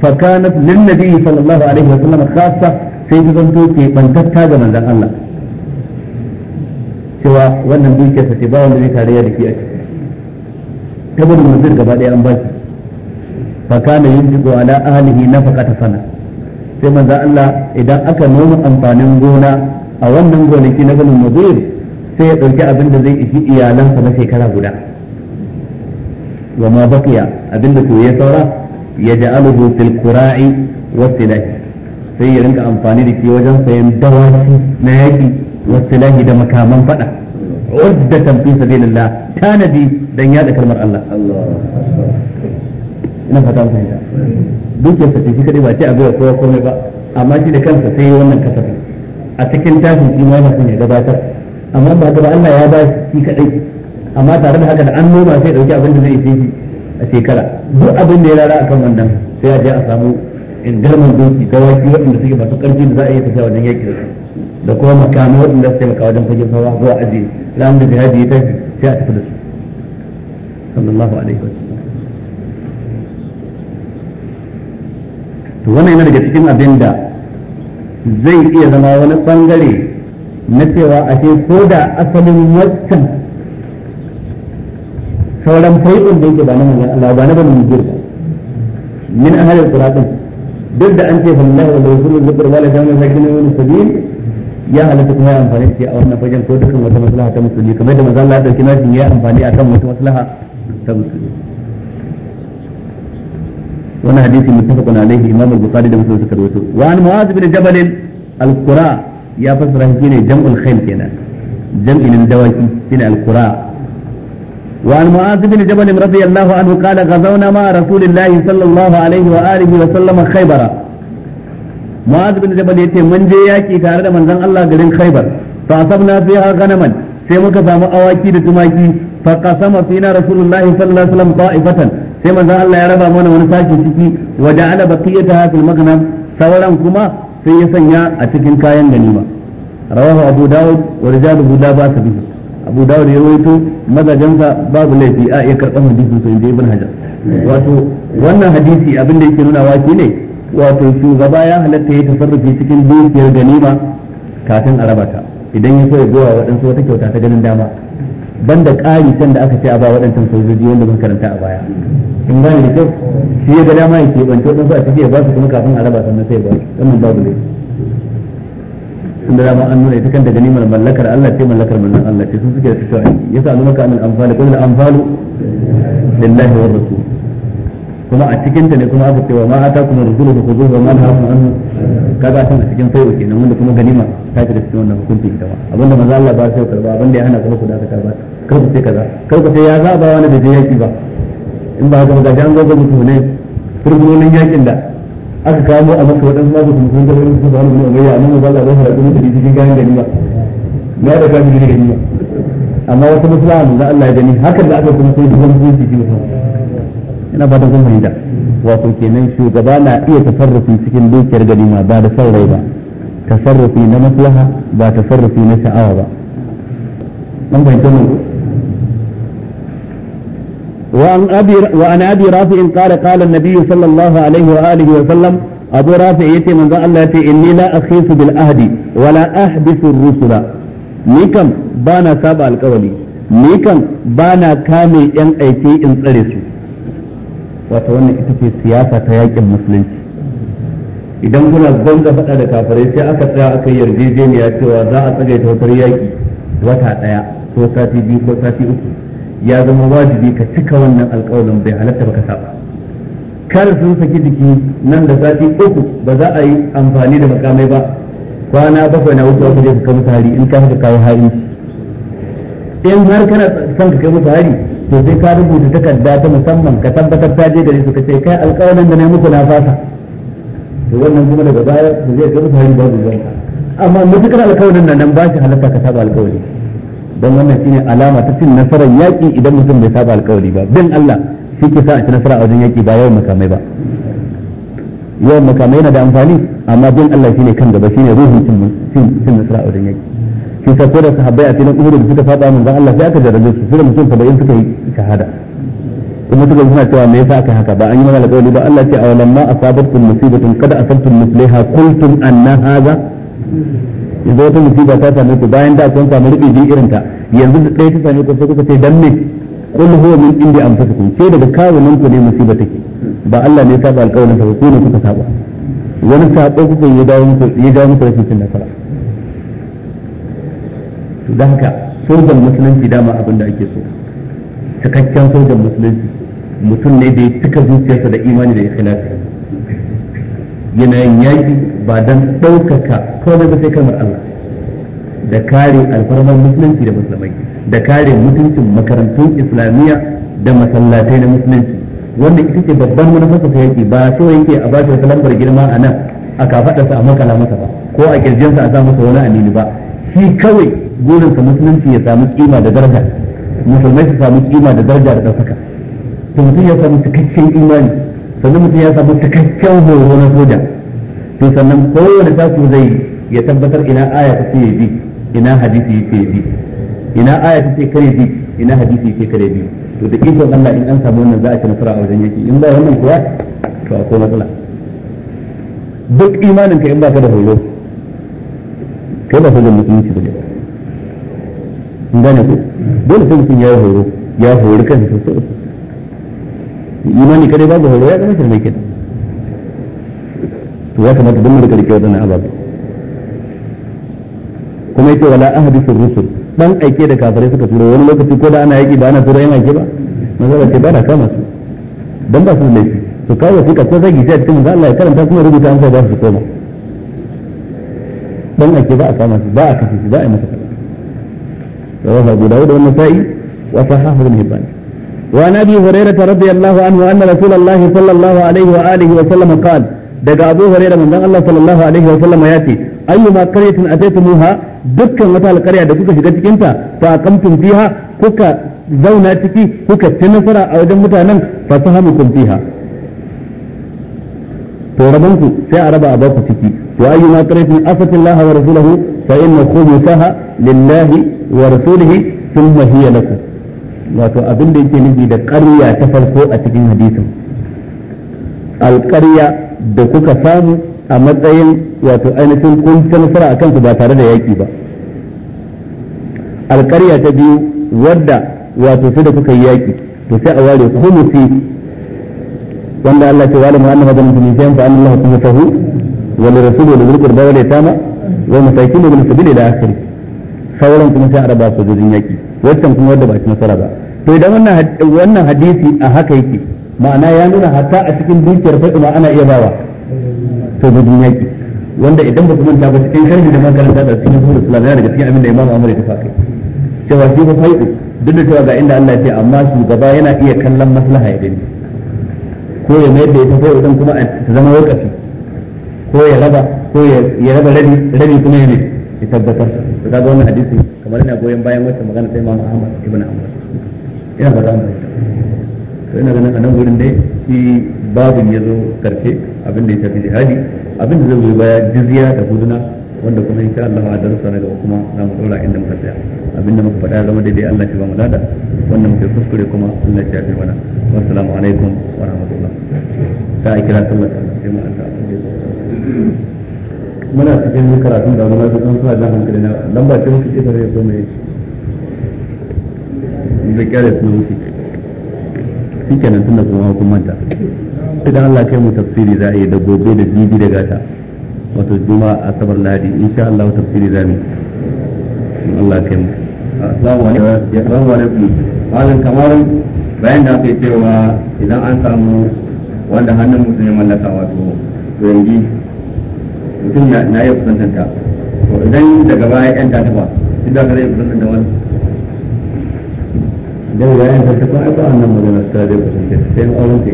fakanat lin nabi sallallahu alaihi wa khassa sai ta zanto ke bantatta ga manzon Allah cewa wannan dukiyar sa ce ba wanda zai tarayya ya dake a ciki ta banin manzon gaba ɗaya an ba shi fa kana yunfiqu ala ahlihi nafaqata sana sai manzo Allah idan aka noma amfanin gona a wannan gonaki na ganin mazir sai ya ɗauki abinda zai ishi iyalansa na shekara guda wa ma baqiya abin da ya saura ya ja'aluhu fil qura'i wasilahi sai ya rinka amfani da shi wajen sayan dawaki na yaki wasilahi da makaman fada uddatan fi sabilillah tanadi don yaɗa kalmar Allah ina fata mu fahimta duk sa tafi kadai ba ce a biya kowa komai ba amma shi da kansa sai wannan kasafi a cikin tashin imanin sun ya gabatar amma ba ta ba Allah ya ba shi kadai amma tare da haka da an noma sai dauki abin da zai ishe a shekara duk abin da ya rara akan wannan sai a je a samu in garman doki dawaki waɗanda suke masu ƙarfi da za a yi tafiya wajen yaƙi da da kuma makamai waɗanda su taimaka wajen fage fara zuwa ajiye ranar da jihadi ya tafi sai a tafi da su sallallahu alaihi wasallam to wannan yana daga cikin abin da zai iya zama wani bangare na cewa a ce ko da asalin waccan sauran faifin da yake ba na manzon Allah ba na mai mujir min ahalil quratin duk da an ce da wasu rasulul zubar wa la kana sakinu min sabi ya halatta kuma ya amfani ce a wannan fagen ko dukkan wata maslaha ta musulmi kamar da mazan Allah ya dauki ya amfani kan wata maslaha ta musulmi Wani hadisi muttafaqun alaihi imam al-bukhari da muslim suka rawaito wa an mu'adh bin jabal al-qura ya fasara shi ne jam'ul khayl kenan jam'in dawaki shine al-qura wa an mu'adh bin jabal radiyallahu anhu qala ghazawna ma rasulillahi sallallahu alaihi wa alihi wa sallama khaybara mu'adh bin jabal yace mun je yaki tare da manzon Allah garin khaybar fa asabna fiha ghanaman sai muka samu awaki da tumaki fa qasama fina rasulullahi sallallahu alaihi wa sallam ta'ifatan sai manzo Allah ya raba mana wani sashi ciki wa baki baqiyataha fil maghnam sauran kuma sai ya sanya a cikin kayan ganima rawahu abu daud wa rijaluhu la ba bihi abu daud ya rawaito madajansa babu laifi a iya karban hadisi sai dai ibn hajar wato wannan hadisi abin da yake nuna wa ne wato shugaba ya halatta ya tafarrufi cikin dukiyar ganima kafin a rabata idan ya so ya gowa waɗansu wata kyauta ta ganin dama banda ƙari can da aka ce a ba waɗancan sojoji wanda mun karanta a baya in gane da kyau shi ya ga dama ya ke banto ɗansu a cikin ya ba su kuma kafin a raba sannan sai ba wannan babu ne tunda dama an nuna ita kanta nimar mallakar Allah ce mallakar mallakar Allah ce sun suke da tafiya yasa alumaka amin anfal qul da amfani. lillahi wa rasul kuma a cikin ta ne kuma aka cewa ma ata kuma rusulu ku zo ma man hafu an kaga a cikin sai nan wanda kuma ganima ta da cikin wannan hukunci ita ma abinda manzo Allah ba sai karba abinda ya hana kuma ku da ka ba kar ku sai kaza kar ku sai ya za ba wani da je yaki ba in ba ga ga an zo ga ne furbunonin yakin da aka kawo a masa waɗansu ma su mutum da wani su zanu ba ya nan ba za a fara kuma da cikin gayan gani ba na da kan gani ba amma wata maslaha manzo Allah ya gani hakan da aka kuma sai da wani da shi mutum ina ba da kun fahimta shugaba na iya tasarrufi cikin dukiyar gani ma ba da son rai ba tasarrufi na maslaha ba tasarrufi na sha'awa ba an fahimta mu wa an abi rafi'in qala qala an sallallahu alaihi wa alihi wa sallam abu rafi'i yace manzo Allah yace inni la akhisu bil ahdi wala la ahbisu ar-rusula ni kam bana saba alƙawari ni kam bana kame yan aiki in tsare su wata wannan ita ce siyasa ta yakin musulunci idan kuna gwamza faɗa da kafirai sai aka tsaya aka yarjejeniya cewa za a ta wutar yaƙi wata ɗaya ko sati biyu ko sati uku ya zama wajibi ka cika wannan alƙawarin bai halatta ba ka saba kar sun saki jiki nan da sati uku ba za a yi amfani da makamai ba kwana bakwai na wuce ku je ka kai hari in ka haka kawo hari in har kana son ka kai musu hari to sai ka rubuta takarda ta musamman ka tabbatar ta je gare su ka ce kai alƙawarin da na muku na fasa to wannan kuma daga baya su zai ga mutane babu zanta amma mutukar alƙawarin nan nan ba shi halatta ka saba alƙawari don wannan shine alama ta cin nasarar yaƙi idan mutum bai saba alƙawari ba bin Allah shi ke sa a ci nasara a wajen yaƙi ba yawan makamai ba yawan makamai yana da amfani amma bin Allah shine kan gaba shine ruhun cin nasara a wajen yaƙi shi ka ko da sahabbai a a uhud da suka saba manzon Allah sai aka jarrabe su sai mutum 70 suka yi shahada kuma suka suna cewa me yasa aka haka ba an yi mana alƙawari ba Allah ce a walamma asabatkum musibatun kada asabtum misliha qultum anna hadha yanzu wata musiba ta same ku bayan da kun samu rubi bi irin ta yanzu da ɗaya ta same ku sai kuka ce dan me qul huwa min indi anfusikum ce daga kawunan ku ne musiba take ba Allah ne ya saba alƙawarin sa ku ne kuka saba wani sabo kuka yi dawo muku yi dawo muku rashin nasara to da haka sojan musulunci dama abin da ake so cikakken sojan musulunci mutum ne da ya cika zuciyarsa da imani da ya yana yin yaki ba don ɗaukaka ko da sai kamar Allah da kare alfarman musulunci da musulmai da kare mutuncin makarantun islamiyya da masallatai na musulunci wanda ita ce babban manufarsa ta yaki ba so yake a ba shi wata lambar girma a nan a kafaɗarsa a makala masa ba ko a kirjinsa a sa masa wani anini ba shi kawai gurin sa musulunci ya samu kima da daraja musulmai su samu kima da daraja da ɗaukaka to mutum ya samu cikakken imani sannan mutum ya samu cikakken horo na soja to sannan kowane tasu zai ya tabbatar ina aya ta ce bi ina hadisi ya ce bi ina aya ta ce kare bi ina hadisi ya ce kare bi to da ikon Allah in an samu wannan za a ci nasara a wajen yaki in ba wannan kuwa to akwai matsala duk imanin ka in ka da horo kai ba sojan musulunci ba ne gane ko dole sai mutum ya horo ya hori kansa sosai imani kare babu horo ya zama shirme kenan to ya kamata duk mu rika rike wadannan ababe kuma yake wala ahadu fi rusul dan aike da kafirai suka tura wani lokaci ko da ana yaki ba ana tura yin aike ba manzo ce ba na kama su dan ba su laifi to kawo fika ko zagi sai cikin manzo Allah ya karanta kuma rubuta an sai ba su koma dan aike ba a kama su ba a kashe su ba a yi masa رواه أبو داود والنسائي وصححه ابن هبان وعن أبي هريرة رضي الله عنه أن رسول الله صلى الله عليه وآله وسلم قال daga Abu Hurairah manzon Allah wa sallam ya ce ayyuma qaryatin ataytumuha dukkan wata alƙarya da kuka shiga cikinta ta fa aqamtum fiha kuka zauna ciki kuka ci nasara a wajen mutanen fa fahamukum fiha to rabanku sai a raba a baku ciki wa ayyuma qaryatin afatillah wa lillahi wa rasulihi thumma hiya lakum wato abin da yake nufi da ƙarya ta farko a cikin hadisin alƙarya da kuka samu a matsayin wato ainihin kun ci nasara a kansu ba tare da yaƙi ba alƙarya ta biyu wadda wato su da kuka yi yaƙi to sai a ware kumusi wanda Allah ce wala mu'anna madan mutum sai fa anna Allah kuma tahu wal rasul wal qurba wal yatama wa masakin bil sabili da akhirih sauran kuma sai a raba sojojin yaki wancan kuma wanda ba shi nasara ba to idan wannan wannan hadisi a haka yake ma'ana ya nuna hatta a cikin dukiyar ma ana iya bawa sojojin yaki wanda idan ba ku manta ba cikin sharhi da makaranta da cikin sura da yana daga cikin abin da imamu amur ya tafi kai cewa shi fa fai'u duk da cewa ga inda Allah ya ce amma shugaba yana iya kallon maslaha ya gani ko ya mayar da ita ko idan kuma a zama wakafi ko ya raba ko ya raba rabi rabi kuma ya ne ya tabbatar to kaga wannan hadisi kamar yana goyon bayan wata magana sai Imam Ahmad ibn ina ba mu to ina ganin a gurin dai shi babin ya abin da ya tafi jihadi abin da zai zo baya jizya da huduna wanda kuma insha Allah a darussa na gaba kuma za mu dora inda muka tsaya abin da muka faɗa zama daidai Allah ya ba mu wannan muke kuskure kuma Allah ya mana alaikum wa rahmatullah ta kira sallar muna cikin karatun da wani mafi suna jan hankali na lamba ce muke da mai da kyare suna wuce shi kenan kuma idan Allah kai mu tafsiri za a yi da gobe da jibi da gata wato juma lahadi insha Allah tafsiri za mu Allah kai mu assalamu alaikum malam kamar bayan da aka yi cewa idan an samu wanda hannun mutum ya mallaka wato yangi mutum na na yi kusantar ta to idan daga baya yan ta tafa shi za ka zai kusantar da wani dan ya yan ta tafa ai ba annan magana ta zai kusantar ta sai auren ta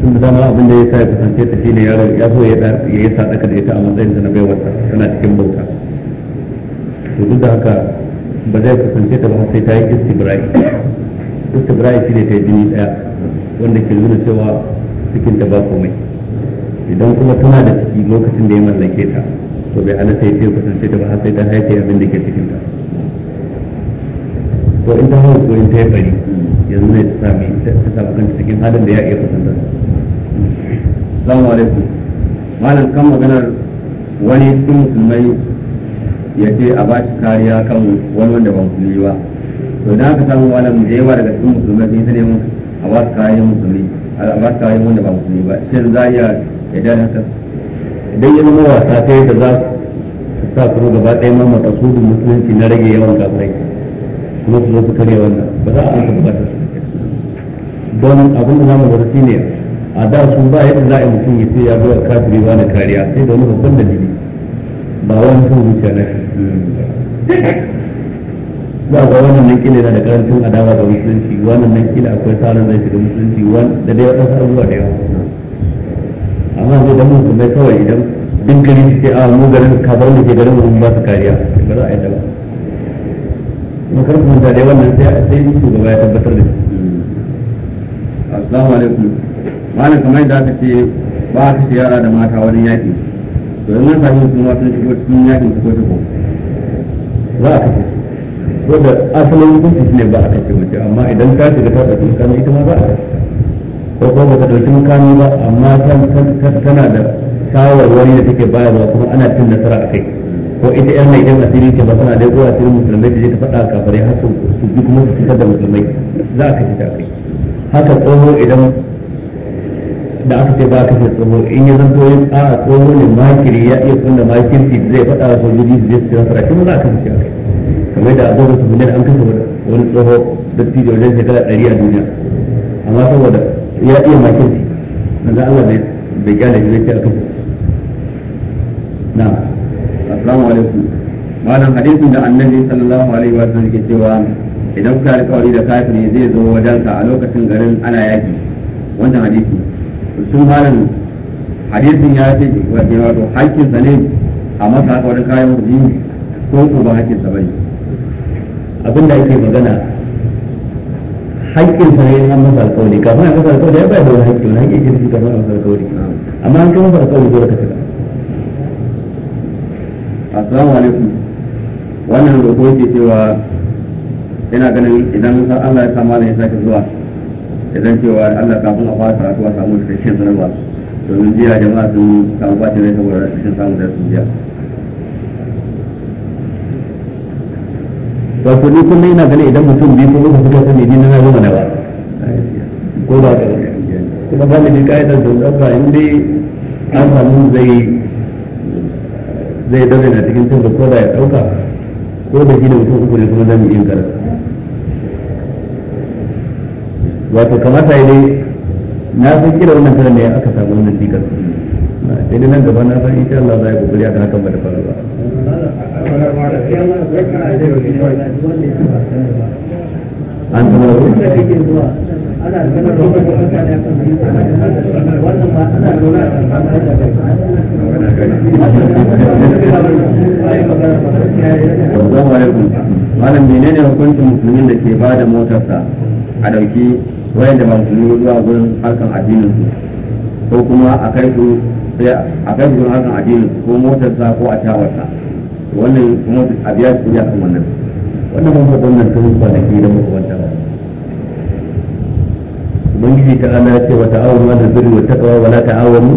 tun da dama abin da ya sa ya kusantar ta shine yaro ya zo ya ya sa daka da ita a matsayin ta na baiwar ta tana cikin bauta to duk da haka ba zai kusance ta ba sai ta yi istibra'i istibra'i shine ta yi jini daya wanda ke nuna cewa cikin ta ba komai idan kuma tana da ciki lokacin da ya mallake ta to bai halatta ya ce kusance ta ba har sai ta haife abin da ke cikin ta to in ta hau ko in ta yi bari yanzu ne ta sami ta samu kanta cikin halin da ya iya kusantar salamu alaikum malam kan maganar wani cikin musulmai ya ce a ba shi kariya kan wani wanda ba kuli ba to da aka samu malam da yawa daga cikin musulmai sun yi ta neman a ba su kariya musulmi a ba su kariya wanda ba kuli ba shin za a idan haka idan ya zama wasa ta yadda za su sa kuma gaba ɗaya ma da musulunci na rage yawan kafirai kuma su zo su karya wannan ba za a amsa bukatar su don abin da zamu gwada shine a da su ba yadda za a yi mutum ya ce ya zo a kafiri ba na kariya sai da wani babban dalili ba wani sun zuciya na za ga wannan nan kila yana da karancin adawa ga musulunci wannan nan kila akwai tsarin zai shiga musulunci da dai wata abubuwa da yawa amma zai mun musulmai kawai idan duk gari suke a mu garin kabar da ke garin mu ba su kariya ba za a yi ba kuma kar kuma da wannan sai sai mutu gaba ya tabbatar da assalamu alaikum mana kamar da aka ce ba a kashe yara da mata wani yaki to in an yi musulma sun shigo cikin yakin su ko shigo za a kashe ko da asalin hukunci ne ba a kashe mace amma idan ka shiga ta ɗauki mutane ita ma ba a kashe ko ko baka dauki mukami ba amma tana da shawarwari da take ba kuma ana cin nasara a kai ko ita 'yan mai yan asiri ce ba tana da yawa cikin musulmai da je ta faɗa a kafare har su bi kuma su fitar da musulmai za a kashe ta kai haka tsoho idan da aka ce ba ka ce tsoho in ya zanto yin a tsoho ne makiri ya iya kunna makirci zai faɗa a sojoji su je su kira sarki ba za a kasance a kai kamar da abubuwan su ne an kashe wani tsoho da tijo wajen shekara ɗari a duniya amma saboda ya iya makin na da Allah bai shi zai na assalamu alaikum malam hadisin da annabi sallallahu alaihi wa sallam ke cewa idan ka alƙawari da kafiri zai zo wajenka a lokacin garin ana yaki wannan hadisi sun malam hadisin ya ce wato hakkin sa ne a masa alƙawarin kayan ko ko ba hakkin sa bane da yake magana haƙƙin sa ne ya masa alƙawari kafin a masa alƙawari ya bai da haƙƙi wani haƙƙi ke shi kafin a masa alƙawari amma an kai masa alƙawari dole ka cika assalamu alaikum wannan roƙo yake cewa ina ganin idan Allah ya sa malam ya sake zuwa idan cewa Allah kafin a fara karatu a samu cikakken sanarwa domin jiya jama'a sun samu bacin rai saboda rashin samun darasin jiya wato ni ina ganin idan mutum kuma su fita ne na gama ba in an zai zai cikin ko da ya dauka ko da shi ne mutum uku kuma wato kamata ya dai na san kira wannan karar ne aka samu wannan cikar sai dai nan gaba na san insha Allah za a yi kokari kan hakan ba da faruwa. an malam menene hukuncin musulmin da ke ba da motarsa a ɗauki wayan da ba musulmi zuwa gurin harkan addinin su ko kuma a kai su a kai su harkan addinin ko motarsa ko a shawarsa wannan kuma a biya su ya kan wannan wannan mun faɗa wannan tun kwanaki da muka wanta ba ubangiji ta Allah ya ce wa ta'awunu ala birri wa taqwa wa la ta'awunu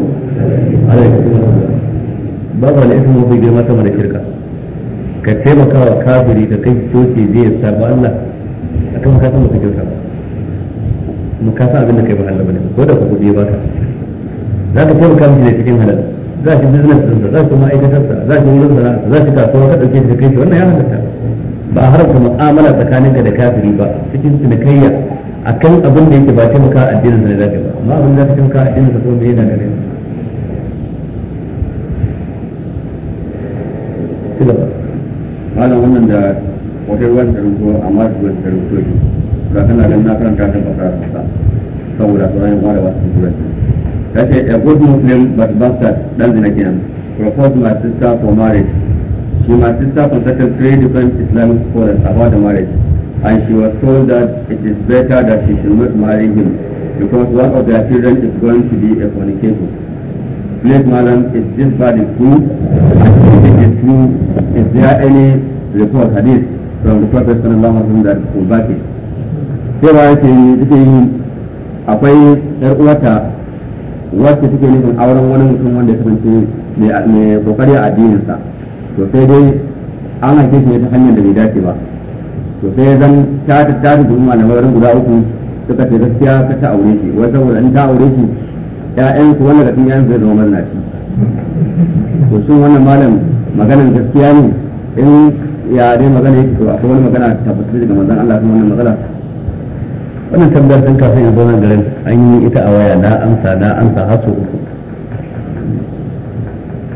ala ithmi ba ba ne ismu bai girma sama da shirka ka taimaka wa kafiri ka kai soke zai saba Allah a kan ka san mutum kyauta ba mu ka san abin da kai ba Allah bane ko da ku kuɗi ba ka za ka taimaka miki ne cikin halal za shi business ɗinsa za ma'aikatar sa za shi wurin sana'arsa za shi kasuwa ka ɗauke shi kai shi wannan ya halatta ba a haramta mu'amala tsakaninka da kafiri ba cikin cinikayya kan abin da yake ba taimaka addinin sa ne za zaka ba amma abin da taimaka addinin sa kuma bai yana da rai malam wannan da wata ruwan da rubuto a da ruwan da rubuto shi ga kana ganin na karanta ta ta ba fasara saboda sauran yan uwa da wasu rubuto ta ce a good muslim but bastard dan zina kenan Propose my sister for marriage she my sister consulted three different islamic scholars about the marriage and she was told that it is better that she should not marry him because one of their children is going to be a fornicator please madam is this verdict true if it is true is there any report hadith from the prophet sallallahu alaihi wasallam that will back it cewa yake yake akwai yar uwata wacce take nufin auren wani mutum wanda ya kasance mai kokari a addininsa to sai dai an haife shi ta hanyar da bai dace ba to sai zan ta ta ta na wurin guda uku suka ce gaskiya ka ta aure shi wata saboda in ta aure shi ƴaƴan su wanda kafin ƴaƴan zai zama shi to shin wannan malam maganar gaskiya ne in ya dai magana yake to akwai wani magana tabbatar daga manzon Allah kuma wannan magana wannan tambayar sun kafin in zo nan garin an yi ita a waya na amsa na amsa har uku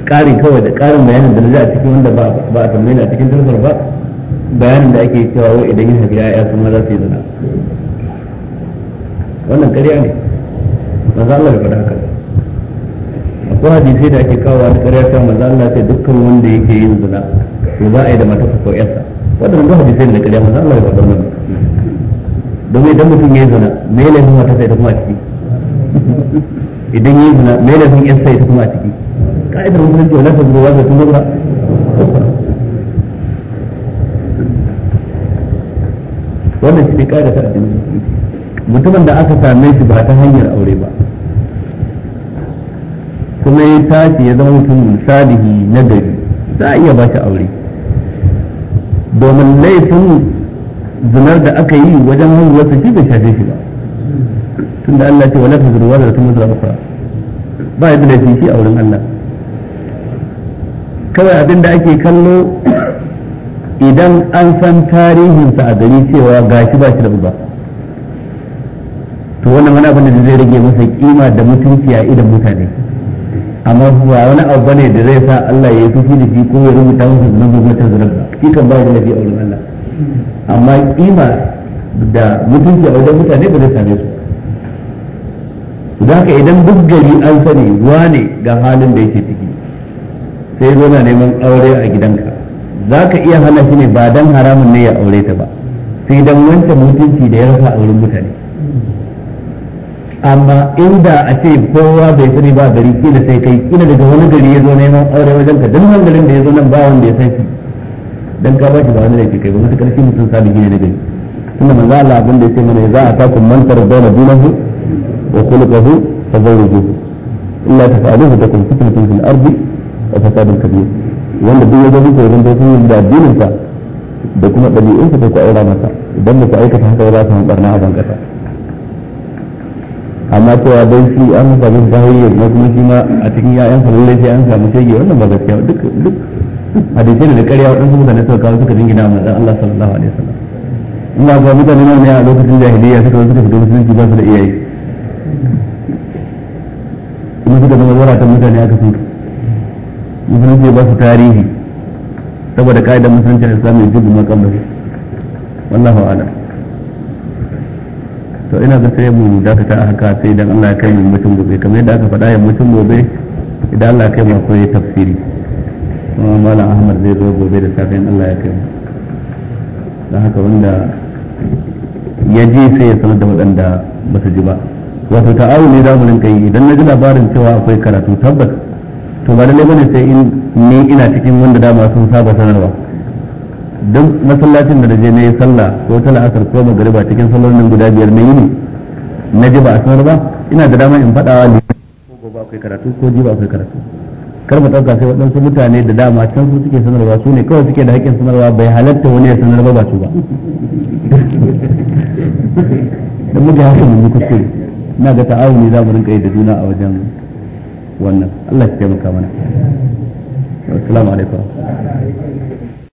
ƙari kawai da ƙarin bayanin da na a cikin wanda ba a tambayi a cikin tarkar ba bayanin da ake cewa wai idan yin hafiya ya kuma za su yi zina wannan ƙarya ne ba za Allah ya faɗa haka akwai hadisai da ake kawo wani ƙarya ta maza Allah sai dukkan wanda yake yin zina to za a yi da matafa ko yarsa waɗannan duk hadisai da ƙarya maza Allah ya faɗa wannan domin idan mutum ya yi zina me ya laifin wata sai ta kuma a ciki idan ya yi zina me ya laifin yan sai ta kuma a ciki ka'idar musulunci wa ta zuwa da tun zuwa wannan shi ne ka'ida ta addinin musulunci mutumin da aka same shi ba ta hanyar aure ba kuma ya tashi ya zama mutum salihi na gari za a iya ba shi aure domin laifin zinar da aka yi wajen haihuwarsa shi bai shafe shi ba tunda Allah ce wala tazuru wala tun mutara ukra ba yadda laifi shi a wurin Allah kawai abin da ake kallo idan an san tarihinsa a gari cewa gashi ba shi da ba to wannan wani abin da zai rage masa kima da mutunci a idan mutane amma ba wani abu bane da zai sa Allah ya yi fushi da shi ko ya rubuta masa zunubin zunar zunubin shi kan ba da laifi a wurin Allah amma kima da mutunci a wajen mutane ba zai same su da haka idan duk gari an sani ne ga halin da yake ciki sai zo na neman aure a gidanka za ka iya hana shi ne ba dan haramun ne ya aure ta ba sai dan wancan mutunci da ya rasa a wurin mutane amma inda a ce kowa bai sani ba gari kila sai kai kila daga wani gari ya zo neman aure wajen ka don garin da ya zo nan ba wanda ya san shi dan ka ba shi ba wani laifi kai ba mutu karfi mutum salihi ne gani tunda manzo Allah abin da yake mana za a takum man tarbana dinahu wa ta fa zawruhu illa tafa'aluhu takum fitnatun fil ardi wa fasadun kabir wanda duk ya gani koyon da sun da addinin sa da kuma ɗabi'un sa ku aura masa idan ba ku aikata haka ba za su barna a bankasa amma cewa dai shi an samu zahiyyar na kuma shi ma a cikin ya'yan sa sai an samu shege wannan ba gaskiya duk duk hadisai da ƙarya waɗansu mutane suka kawo suka dingina manzon Allah sallallahu alaihi wasallam ina ga mutane nan ne a lokacin jahiliya suka suka fito musulunci ba su da iyaye kuma suka zama ta mutane aka sun musulunci ba su tarihi saboda ka'idar musulunci a islamu ya jirgin makambar wallahu alam to ina ga sai mu dakata a haka sai idan Allah ya kai mu mutum gobe kamar yadda aka faɗa ya mutum gobe idan Allah ya kai mu akwai tafsiri kuma mala ahmad zai zo gobe da safiyan allah ya kai mu da haka wanda ya ji sai ya sanar da waɗanda ba su ji ba wato ta'awun ne zamu rinka yi idan na ji labarin cewa akwai karatu tabbas to ba lallai bane sai in ni ina cikin wanda dama sun saba sanarwa don masallacin da je na yi sallah ko ta la'asar ko magariba cikin sallolin guda biyar na yini na ji ba a sanar ba ina da dama in faɗawa ne ko gobe akwai karatu ko ji ba akwai karatu kar mu dauka sai waɗansu mutane da dama can su suke sanarwa su ne kawai suke da haƙƙin sanarwa bai halatta wani ya sanar ba ba su ba da muka haka mun yi na ga ta'awuni za mu rinka yi da juna a wajen wannan Allah ya taimaka mana assalamu alaikum